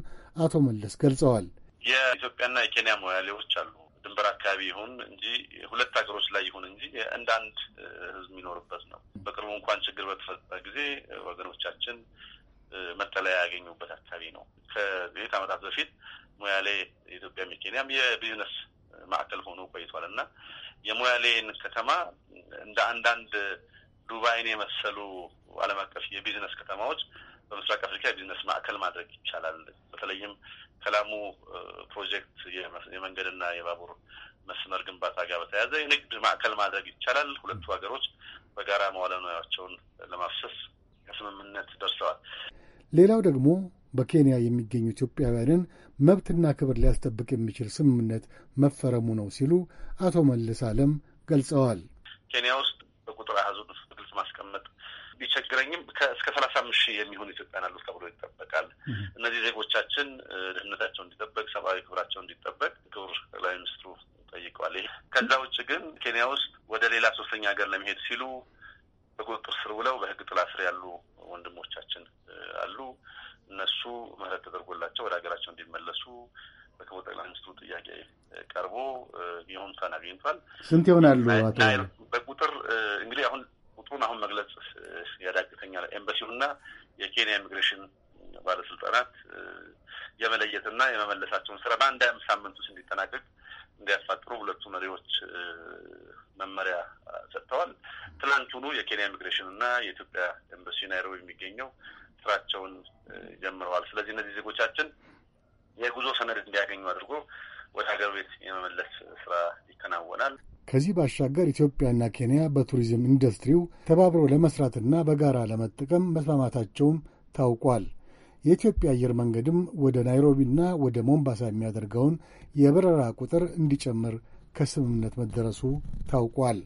አቶ መለስ ገልጸዋል። የኢትዮጵያና የኬንያ ሞያሌዎች አሉ ድንበር አካባቢ ይሁን እንጂ ሁለት ሀገሮች ላይ ይሁን እንጂ እንደ አንድ ህዝብ የሚኖርበት ነው። በቅርቡ እንኳን ችግር በተፈጠረ ጊዜ ወገኖቻችን መጠለያ ያገኙበት አካባቢ ነው። ከቤት ዓመታት በፊት ሞያሌ የኢትዮጵያ ኬንያም የቢዝነስ ማዕከል ሆኖ ቆይቷል እና የሞያሌን ከተማ እንደ አንዳንድ ዱባይን የመሰሉ ዓለም አቀፍ የቢዝነስ ከተማዎች በምስራቅ አፍሪካ የቢዝነስ ማዕከል ማድረግ ይቻላል። በተለይም ከላሙ ፕሮጀክት የመንገድና የባቡር መስመር ግንባታ ጋር በተያያዘ የንግድ ማዕከል ማድረግ ይቻላል። ሁለቱ ሀገሮች በጋራ መዋለ ንዋያቸውን ለማፍሰስ ከስምምነት ደርሰዋል። ሌላው ደግሞ በኬንያ የሚገኙ ኢትዮጵያውያንን መብትና ክብር ሊያስጠብቅ የሚችል ስምምነት መፈረሙ ነው ሲሉ አቶ መለስ አለም ገልጸዋል። ኬንያ ውስጥ በቁጥር አህዙን በግልጽ ማስቀመጥ ቢቸግረኝም እስከ ሰላሳ አምስት ሺህ የሚሆኑ ኢትዮጵያን አሉ ተብሎ ይጠበቃል። እነዚህ ዜጎቻችን ደህንነታቸው እንዲጠበቅ፣ ሰብአዊ ክብራቸው እንዲጠበቅ ክቡር ጠቅላይ ሚኒስትሩ ጠይቀዋል። ከዛ ውጭ ግን ኬንያ ውስጥ ወደ ሌላ ሶስተኛ ሀገር ለመሄድ ሲሉ በቁጥጥር ስር ውለው በህግ ጥላ ስር ያሉ ወንድሞቻችን አሉ። እነሱ ምህረት ተደርጎላቸው ወደ ሀገራቸው እንዲመለሱ በክቡር ጠቅላይ ሚኒስትሩ ጥያቄ ቀርቦ የሆኑታን አግኝቷል። ስንት ይሆናሉ? በቁጥር እንግዲህ አሁን ቁጥሩን አሁን መግለጽ ያዳግተኛል። ኤምባሲውና የኬንያ ኢሚግሬሽን ባለስልጣናት የመለየትና የመመለሳቸውን ስራ በአንድ አምስት ሳምንት ውስጥ እንዲጠናቀቅ እንዲያፋጥሩ ሁለቱ መሪዎች መመሪያ ሰጥተዋል። ትናንቱኑ የኬንያ ኢሚግሬሽን እና የኢትዮጵያ ኤምባሲ ናይሮቢ የሚገኘው ስራቸውን ጀምረዋል። ስለዚህ እነዚህ ዜጎቻችን የጉዞ ሰነድ እንዲያገኙ አድርጎ ወደ ሀገር ቤት የመመለስ ስራ ይከናወናል። ከዚህ ባሻገር ኢትዮጵያና ኬንያ በቱሪዝም ኢንዱስትሪው ተባብረው ለመስራትና በጋራ ለመጠቀም መስማማታቸውም ታውቋል። የኢትዮጵያ አየር መንገድም ወደ ናይሮቢና ወደ ሞምባሳ የሚያደርገውን የበረራ ቁጥር እንዲጨምር ከስምምነት መደረሱ ታውቋል።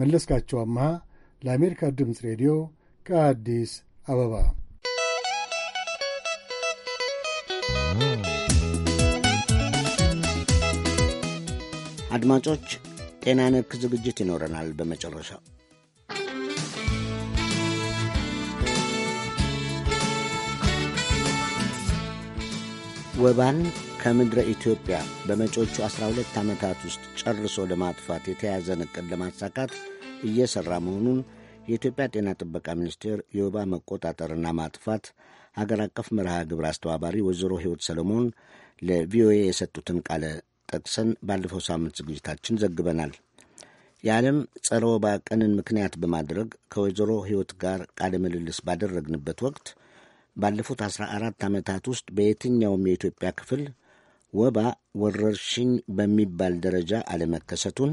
መለስካቸው አመሃ ለአሜሪካ ድምፅ ሬዲዮ ከአዲስ አበባ። አድማጮች ጤና ነክ ዝግጅት ይኖረናል በመጨረሻ ወባን ከምድረ ኢትዮጵያ በመጪዎቹ 12 ዓመታት ውስጥ ጨርሶ ለማጥፋት የተያዘን ዕቅድ ለማሳካት እየሠራ መሆኑን የኢትዮጵያ ጤና ጥበቃ ሚኒስቴር የወባ መቆጣጠርና ማጥፋት ሀገር አቀፍ መርሃ ግብር አስተባባሪ ወይዘሮ ሕይወት ሰለሞን ለቪኦኤ የሰጡትን ቃለ ጠቅሰን ባለፈው ሳምንት ዝግጅታችን ዘግበናል። የዓለም ጸረ ወባ ቀንን ምክንያት በማድረግ ከወይዘሮ ሕይወት ጋር ቃለ ምልልስ ባደረግንበት ወቅት ባለፉት 14 ዓመታት ውስጥ በየትኛውም የኢትዮጵያ ክፍል ወባ ወረርሽኝ በሚባል ደረጃ አለመከሰቱን፣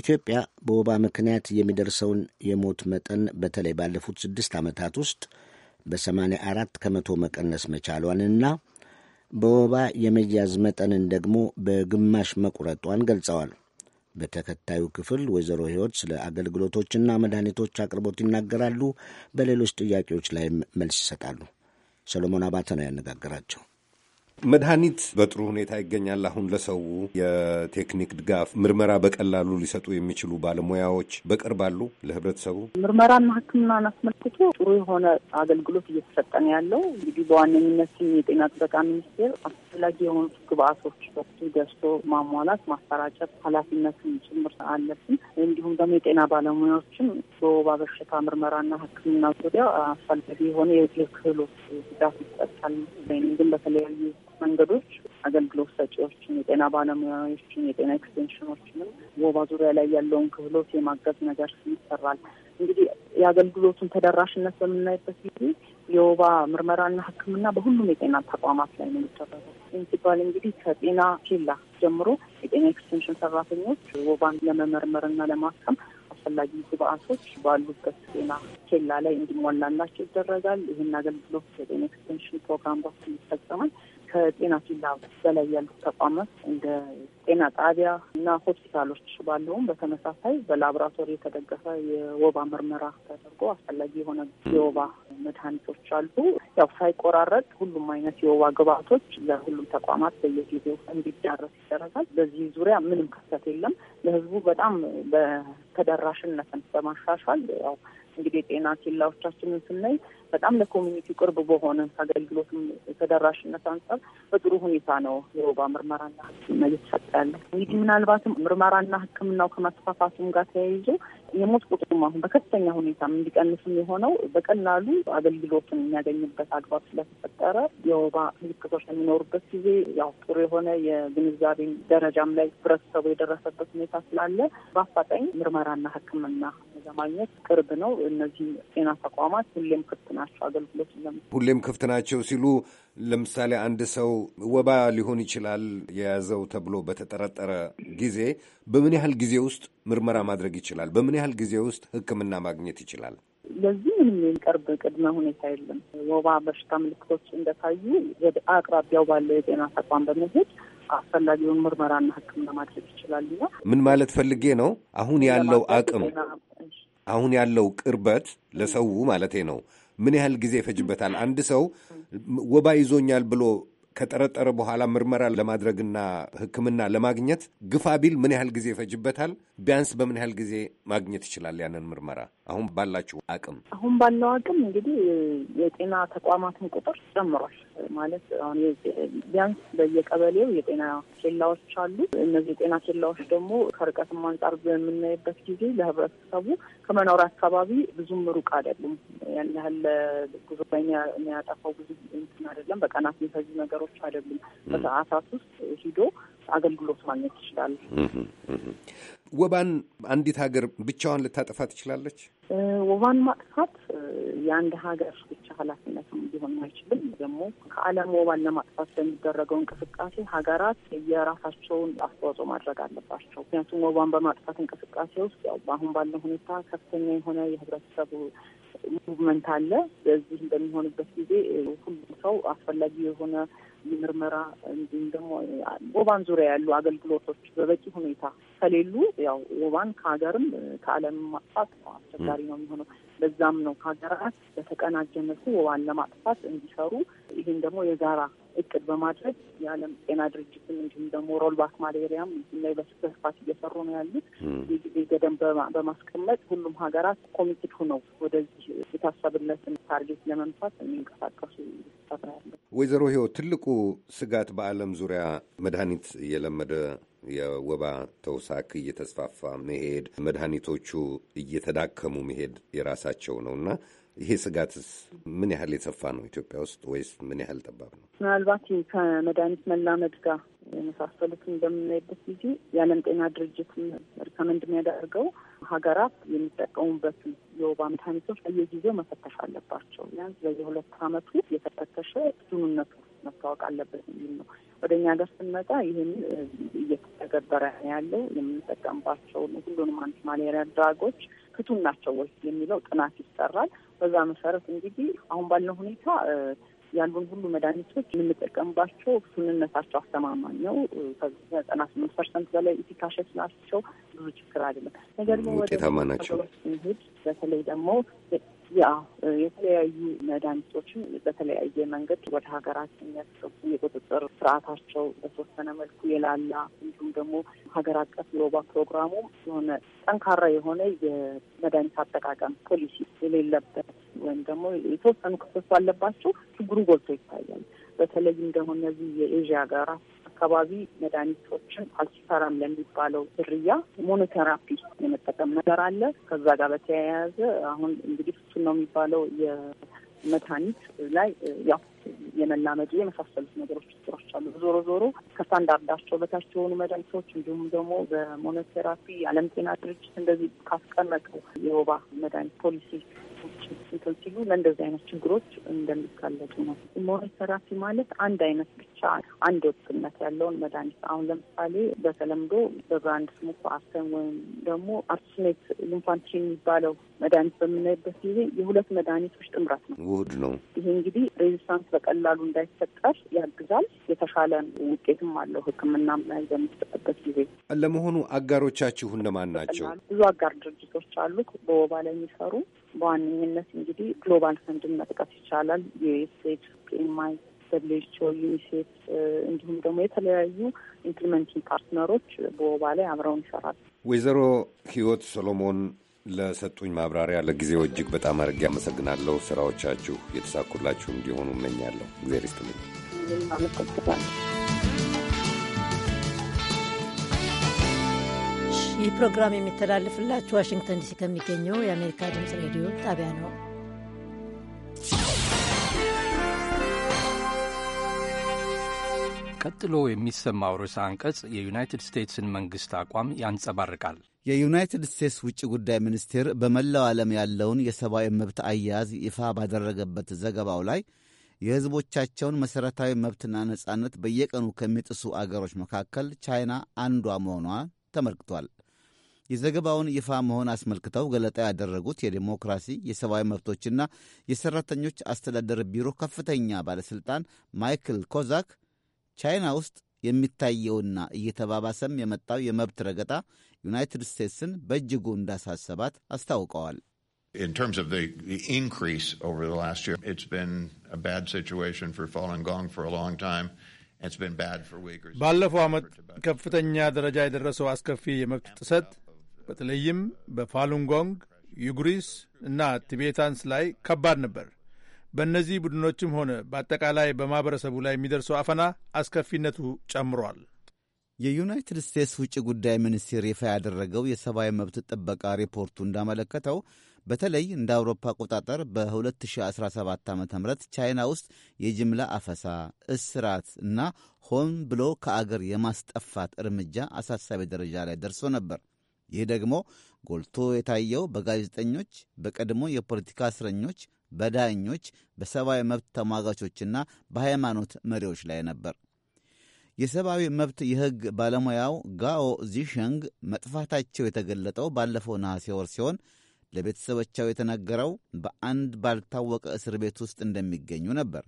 ኢትዮጵያ በወባ ምክንያት የሚደርሰውን የሞት መጠን በተለይ ባለፉት ስድስት ዓመታት ውስጥ በ84 ከመቶ መቀነስ መቻሏንና በወባ የመያዝ መጠንን ደግሞ በግማሽ መቁረጧን ገልጸዋል። በተከታዩ ክፍል ወይዘሮ ሕይወት ስለ አገልግሎቶችና መድኃኒቶች አቅርቦት ይናገራሉ። በሌሎች ጥያቄዎች ላይም መልስ ይሰጣሉ። ሰሎሞን አባተ ነው ያነጋገራቸው። መድኃኒት በጥሩ ሁኔታ ይገኛል። አሁን ለሰው የቴክኒክ ድጋፍ፣ ምርመራ በቀላሉ ሊሰጡ የሚችሉ ባለሙያዎች በቅርብ አሉ። ለህብረተሰቡ ምርመራና ሕክምናን አስመልክቶ ጥሩ የሆነ አገልግሎት እየተሰጠነ ያለው እንግዲህ በዋነኝነት የጤና ጥበቃ ሚኒስቴር አስፈላጊ የሆኑት ግብአቶች በሱ ገዝቶ ማሟላት፣ ማሰራጨት ኃላፊነትን ጭምር አለብን። እንዲሁም ደግሞ የጤና ባለሙያዎችም በወባ በሽታ ምርመራና ሕክምና ዙሪያ አስፈላጊ የሆነ የክህሎት ድጋፍ ይሰጣል። ግን በተለያዩ መንገዶች አገልግሎት ሰጪዎችን፣ የጤና ባለሙያዎችን፣ የጤና ኤክስቴንሽኖችንም ወባ ዙሪያ ላይ ያለውን ክህሎት የማገዝ ነገር ይሰራል። እንግዲህ የአገልግሎቱን ተደራሽነት በምናይበት ጊዜ የወባ ምርመራና ሕክምና በሁሉም የጤና ተቋማት ላይ ነው የሚደረገው። ሲባል እንግዲህ ከጤና ኬላ ጀምሮ የጤና ኤክስቴንሽን ሰራተኞች ወባን ለመመርመርና ለማከም አስፈላጊ ግብአቶች ባሉበት ጤና ኬላ ላይ እንዲሟላላቸው ይደረጋል። ይህን አገልግሎት የጤና ኤክስቴንሽን ፕሮግራም ጋር ይፈጸማል። ከጤና ፊልድ በላይ ተቋማት እንደ ጤና ጣቢያ እና ሆስፒታሎች ባለውም በተመሳሳይ በላቦራቶሪ የተደገፈ የወባ ምርመራ ተደርጎ አስፈላጊ የሆነ የወባ መድኃኒቶች አሉ። ያው ሳይቆራረጥ ሁሉም አይነት የወባ ግብዓቶች ለሁሉም ተቋማት በየጊዜው እንዲዳረስ ይደረጋል። በዚህ ዙሪያ ምንም ክፍተት የለም። ለህዝቡ በጣም በተደራሽነትን በማሻሻል ያው እንግዲህ የጤና ኬላዎቻችንን ስናይ በጣም ለኮሚኒቲ ቅርብ በሆነ አገልግሎት ተደራሽነት አንጻር በጥሩ ሁኔታ ነው የወባ ምርመራና ሕክምና እየተሰጠ ያለ። እንግዲህ ምናልባትም ምርመራና ሕክምናው ከመስፋፋቱም ጋር ተያይዞ የሞት ቁጥሩም አሁን በከፍተኛ ሁኔታም እንዲቀንስም የሆነው በቀላሉ አገልግሎትን የሚያገኝበት አግባብ ስለተፈጠረ የወባ ምልክቶች የሚኖሩበት ጊዜ ያው ጥሩ የሆነ የግንዛቤ ደረጃም ላይ ህብረተሰቡ የደረሰበት ሁኔታ ስላለ በአፋጣኝ ምርመራና ሕክምና ለማግኘት ቅርብ ነው። እነዚህ ጤና ተቋማት ሁሌም ክፍት ናቸው፣ አገልግሎት ሁሌም ክፍት ናቸው ሲሉ ለምሳሌ አንድ ሰው ወባ ሊሆን ይችላል የያዘው ተብሎ በተጠረጠረ ጊዜ በምን ያህል ጊዜ ውስጥ ምርመራ ማድረግ ይችላል? በምን ያህል ጊዜ ውስጥ ሕክምና ማግኘት ይችላል? ለዚህ ምንም የሚቀርብ ቅድመ ሁኔታ የለም። ወባ በሽታ ምልክቶች እንደታዩ ወደ አቅራቢያው ባለው የጤና ተቋም በመሄድ አስፈላጊውን ምርመራና ሕክምና ማድረግ ይችላል። ምን ማለት ፈልጌ ነው አሁን ያለው አቅም አሁን ያለው ቅርበት ለሰው ማለቴ ነው ምን ያህል ጊዜ ይፈጅበታል? አንድ ሰው ወባ ይዞኛል ብሎ ከጠረጠረ በኋላ ምርመራ ለማድረግና ሕክምና ለማግኘት ግፋ ቢል ምን ያህል ጊዜ ይፈጅበታል? ቢያንስ በምን ያህል ጊዜ ማግኘት ይችላል ያንን ምርመራ? አሁን ባላችሁ አቅም አሁን ባለው አቅም እንግዲህ የጤና ተቋማትን ቁጥር ጨምሯል። ማለት አሁን ቢያንስ በየቀበሌው የጤና ኬላዎች አሉ። እነዚህ የጤና ኬላዎች ደግሞ ከርቀትም አንጻር በምናይበት ጊዜ ለህብረተሰቡ ከመኖሪያ አካባቢ ብዙም ሩቅ አይደሉም። ያን ያህል ጉዞ የሚያጠፋው ብዙ እንትን አይደለም። በቀናት የሚፈጁ ነገሮች አይደሉም። በሰዓታት ውስጥ ሂዶ አገልግሎት ማግኘት ይችላል። ወባን አንዲት ሀገር ብቻዋን ልታጠፋ ትችላለች? ወባን ማጥፋት የአንድ ሀገር ብቻ ኃላፊነት ሊሆን አይችልም። ደግሞ ከዓለም ወባን ለማጥፋት በሚደረገው እንቅስቃሴ ሀገራት የራሳቸውን አስተዋጽኦ ማድረግ አለባቸው። ምክንያቱም ወባን በማጥፋት እንቅስቃሴ ውስጥ ያው አሁን ባለው ሁኔታ ከፍተኛ የሆነ የህብረተሰቡ ሙቭመንት አለ። በዚህ በሚሆንበት ጊዜ ሁሉም ሰው አስፈላጊ የሆነ የምርመራ እንዲሁም ደግሞ ወባን ዙሪያ ያሉ አገልግሎቶች በበቂ ሁኔታ ከሌሉ ያው ወባን ከሀገርም ከዓለም ማጥፋት አስቸጋሪ ነው የሚሆነው። በዛም ነው ሀገራት በተቀናጀ መልኩ ወባን ለማጥፋት እንዲሰሩ ይህን ደግሞ የጋራ እቅድ በማድረግ የዓለም ጤና ድርጅትም እንዲሁም ደግሞ ሮልባክ ማሌሪያም ላይ በስፋት እየሰሩ ነው ያሉት። የጊዜ ገደም በማስቀመጥ ሁሉም ሀገራት ኮሚቴድ ሁነው ወደዚህ የታሰብለትን ታርጌት ለመንፋት የሚንቀሳቀሱ ስፋት ያለ ወይዘሮ ህይወት ትልቁ ስጋት በዓለም ዙሪያ መድኃኒት የለመደ የወባ ተውሳክ እየተስፋፋ መሄድ፣ መድኃኒቶቹ እየተዳከሙ መሄድ የራሳቸው ነው እና ይሄ ስጋትስ ምን ያህል የሰፋ ነው ኢትዮጵያ ውስጥ ወይስ ምን ያህል ጠባብ ነው? ምናልባት ከመድኃኒት መላመድ ጋር የመሳሰሉትን በምናይበት ጊዜ የዓለም ጤና ድርጅት ሪከመንድ የሚያደርገው ሀገራት የሚጠቀሙበት የወባ መድኃኒቶች በየጊዜው መፈተሽ አለባቸው። ቢያንስ በየሁለት ዓመቱ የተፈተሸ ዙኑነቱ መታወቅ አለበት የሚል ነው። ወደ እኛ ጋር ስንመጣ ይህን እየተተገበረ ያለው የምንጠቀምባቸው ሁሉንም አንቲ ማሌሪያ ድራጎች ፍቱን ናቸው ወይ የሚለው ጥናት ይሰራል። በዛ መሰረት እንግዲህ አሁን ባለው ሁኔታ ያሉን ሁሉ መድኃኒቶች የምንጠቀምባቸው ፍቱንነታቸው አስተማማኝ ነው። ከዘጠና ስምንት ፐርሰንት በላይ ኢፊካሸስ ናቸው። ብዙ ችግር አይደለም። ነገር ግን ወደ ስንሄድ በተለይ ደግሞ ያው የተለያዩ መድኃኒቶችን በተለያየ መንገድ ወደ ሀገራችን የሚያስገቡ የቁጥጥር ስርዓታቸው በተወሰነ መልኩ የላላ እንዲሁም ደግሞ ሀገር አቀፍ የወባ ፕሮግራሙ የሆነ ጠንካራ የሆነ የመድኃኒት አጠቃቀም ፖሊሲ የሌለበት ወይም ደግሞ የተወሰኑ ክፍተት ባለባቸው ችግሩ ጎልቶ ይታያል። በተለይም ደግሞ እነዚህ የኤዥያ ሀገራት አካባቢ መድኃኒቶችን አልሲሰራም ለሚባለው ዝርያ ሞኖቴራፒ የመጠቀም ነገር አለ። ከዛ ጋር በተያያዘ አሁን እንግዲህ እሱ ነው የሚባለው የመድኃኒት ላይ ያው የመላመድ የመሳሰሉት ነገሮች ችግሮች አሉ። ዞሮ ዞሮ ከስታንዳርዳቸው በታች የሆኑ መድኃኒቶች እንዲሁም ደግሞ በሞኖቴራፒ አለም ጤና ድርጅት እንደዚህ ካስቀመጡ የወባ መድኃኒት ፖሊሲ እንትን ሲሉ ለእንደዚህ አይነት ችግሮች እንደሚጋለጡ ነው። ሞኖቴራፒ ማለት አንድ አይነት ብቻ አንድ ወጥነት ያለውን መድኃኒት አሁን ለምሳሌ በተለምዶ በብራንድ ስሙ አርሰን ወይም ደግሞ አርሲሜት ሉምፋንትሪን የሚባለው መድኃኒት በምናይበት ጊዜ የሁለት መድኃኒቶች ጥምረት ነው። ውህድ ነው። ይሄ እንግዲህ ሬዚስታንስ በቀላሉ እንዳይፈጠር ያግዛል። የተሻለ ውጤትም አለው። ህክምና ላይ በምትሰጥበት ጊዜ ለመሆኑ አጋሮቻችሁ እነማን ናቸው? ብዙ አጋር ድርጅቶች አሉ በወባ ላይ የሚሰሩ በዋነኝነት እንግዲህ ግሎባል ፈንድን መጥቀስ ይቻላል። ዩኤስኤድ፣ ፒኤምአይ፣ ደብሊውኤችኦ፣ ዩኒሴፍ እንዲሁም ደግሞ የተለያዩ ኢምፕሊመንቲንግ ፓርትነሮች በወባ ላይ አብረውን ይሰራል። ወይዘሮ ህይወት ሶሎሞን ለሰጡኝ ማብራሪያ ለጊዜው እጅግ በጣም አድርጌ አመሰግናለሁ። ስራዎቻችሁ የተሳኩላችሁ እንዲሆኑ እመኛለሁ። እግዜር ይስጥልኝ። ይህ ፕሮግራም የሚተላለፍላችሁ ዋሽንግተን ዲሲ ከሚገኘው የአሜሪካ ድምፅ ሬዲዮ ጣቢያ ነው። ቀጥሎ የሚሰማው ርዕሰ አንቀጽ የዩናይትድ ስቴትስን መንግሥት አቋም ያንጸባርቃል። የዩናይትድ ስቴትስ ውጭ ጉዳይ ሚኒስቴር በመላው ዓለም ያለውን የሰብአዊ መብት አያያዝ ይፋ ባደረገበት ዘገባው ላይ የሕዝቦቻቸውን መሠረታዊ መብትና ነጻነት በየቀኑ ከሚጥሱ አገሮች መካከል ቻይና አንዷ መሆኗ ተመልክቷል። የዘገባውን ይፋ መሆን አስመልክተው ገለጣ ያደረጉት የዴሞክራሲ የሰብአዊ መብቶችና የሠራተኞች አስተዳደር ቢሮ ከፍተኛ ባለሥልጣን ማይክል ኮዛክ ቻይና ውስጥ የሚታየውና እየተባባሰም የመጣው የመብት ረገጣ ዩናይትድ ስቴትስን በእጅጉ እንዳሳሰባት አስታውቀዋል። ባለፈው ዓመት ከፍተኛ ደረጃ የደረሰው አስከፊ የመብት ጥሰት በተለይም በፋሉንጎንግ፣ ዩጉሪስ እና ቲቤታንስ ላይ ከባድ ነበር። በእነዚህ ቡድኖችም ሆነ በአጠቃላይ በማኅበረሰቡ ላይ የሚደርሰው አፈና አስከፊነቱ ጨምሯል። የዩናይትድ ስቴትስ ውጭ ጉዳይ ሚኒስቴር ይፋ ያደረገው የሰብአዊ መብት ጥበቃ ሪፖርቱ እንዳመለከተው በተለይ እንደ አውሮፓ አቆጣጠር በ2017 ዓ ም ቻይና ውስጥ የጅምላ አፈሳ፣ እስራት እና ሆን ብሎ ከአገር የማስጠፋት እርምጃ አሳሳቢ ደረጃ ላይ ደርሶ ነበር። ይህ ደግሞ ጎልቶ የታየው በጋዜጠኞች፣ በቀድሞ የፖለቲካ እስረኞች በዳኞች በሰብአዊ መብት ተሟጋቾችና በሃይማኖት መሪዎች ላይ ነበር። የሰብአዊ መብት የሕግ ባለሙያው ጋኦ ዚሸንግ መጥፋታቸው የተገለጠው ባለፈው ነሐሴ ወር ሲሆን ለቤተሰቦቻው የተነገረው በአንድ ባልታወቀ እስር ቤት ውስጥ እንደሚገኙ ነበር።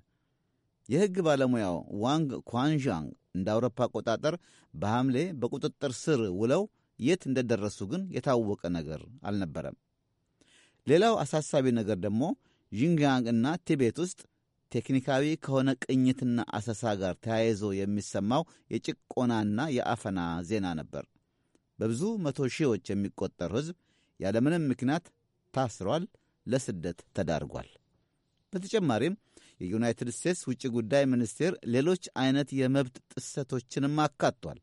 የሕግ ባለሙያው ዋንግ ኳንዣንግ እንደ አውሮፓ አቆጣጠር በሐምሌ በቁጥጥር ስር ውለው የት እንደደረሱ ግን የታወቀ ነገር አልነበረም። ሌላው አሳሳቢ ነገር ደግሞ ዥንጋንግ እና ቲቤት ውስጥ ቴክኒካዊ ከሆነ ቅኝትና አሰሳ ጋር ተያይዞ የሚሰማው የጭቆናና የአፈና ዜና ነበር። በብዙ መቶ ሺዎች የሚቆጠር ሕዝብ ያለምንም ምክንያት ታስሯል፣ ለስደት ተዳርጓል። በተጨማሪም የዩናይትድ ስቴትስ ውጭ ጉዳይ ሚኒስቴር ሌሎች አይነት የመብት ጥሰቶችንም አካቷል።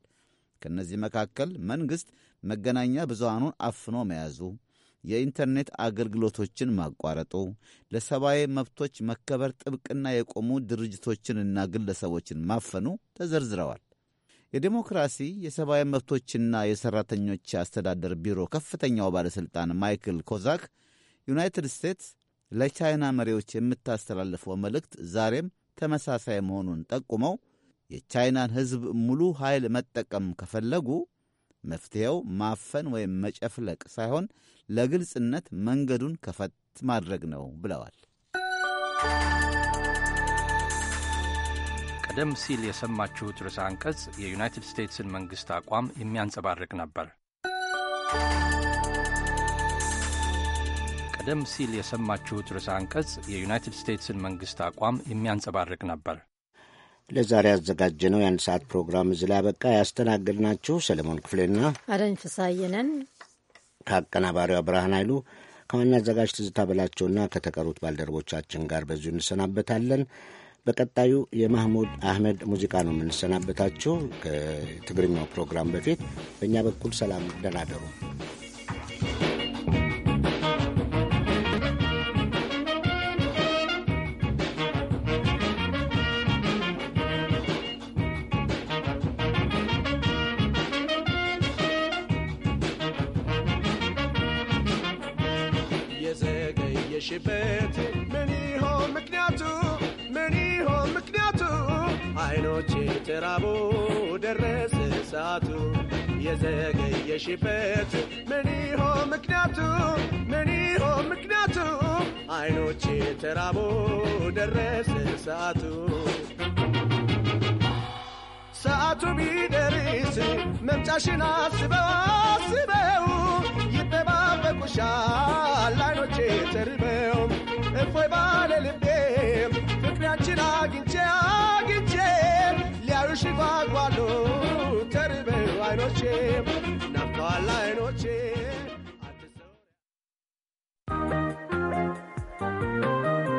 ከእነዚህ መካከል መንግሥት መገናኛ ብዙሃኑን አፍኖ መያዙ የኢንተርኔት አገልግሎቶችን ማቋረጡ ለሰብአዊ መብቶች መከበር ጥብቅና የቆሙ ድርጅቶችንና ግለሰቦችን ማፈኑ ተዘርዝረዋል። የዴሞክራሲ የሰብአዊ መብቶችና የሠራተኞች አስተዳደር ቢሮ ከፍተኛው ባለሥልጣን ማይክል ኮዛክ ዩናይትድ ስቴትስ ለቻይና መሪዎች የምታስተላልፈው መልእክት ዛሬም ተመሳሳይ መሆኑን ጠቁመው የቻይናን ሕዝብ ሙሉ ኃይል መጠቀም ከፈለጉ መፍትሔው ማፈን ወይም መጨፍለቅ ሳይሆን ለግልጽነት መንገዱን ከፈት ማድረግ ነው ብለዋል። ቀደም ሲል የሰማችሁት ርዕሰ አንቀጽ የዩናይትድ ስቴትስን መንግሥት አቋም የሚያንጸባርቅ ነበር። ቀደም ሲል የሰማችሁት ርዕሰ አንቀጽ የዩናይትድ ስቴትስን መንግሥት አቋም የሚያንጸባርቅ ነበር። ለዛሬ ያዘጋጀነው የአንድ ሰዓት ፕሮግራም እዚህ ላይ አበቃ። ያስተናገድናችሁ ሰለሞን ክፍሌና አዳኝ ፍሳየነን ከአቀናባሪዋ ብርሃን ኃይሉ ከዋና አዘጋጅ ትዝታ በላቸውና ከተቀሩት ባልደረቦቻችን ጋር በዚሁ እንሰናበታለን። በቀጣዩ የማህሙድ አህመድ ሙዚቃ ነው የምንሰናበታቸው። ከትግርኛው ፕሮግራም በፊት በእኛ በኩል ሰላም፣ ደናደሩ የዘገየሽበት ምን ይሆን ምክንያቱ? ምን ይሆን ምክንያቱ? አይኖች ተራቦ ደረሰ ሰዓቱ ሰዓቱ ቢደርስ መምጫሽን አስበው አስበው ይጠባበቁሻል አይኖቼ ተርበው እፎይ ባለ ልቤም ፍቅሪያችን አግኝቼ አግኝቼ Chihuahua, no, terrible, I know, Chim, Napala, I know, Chim.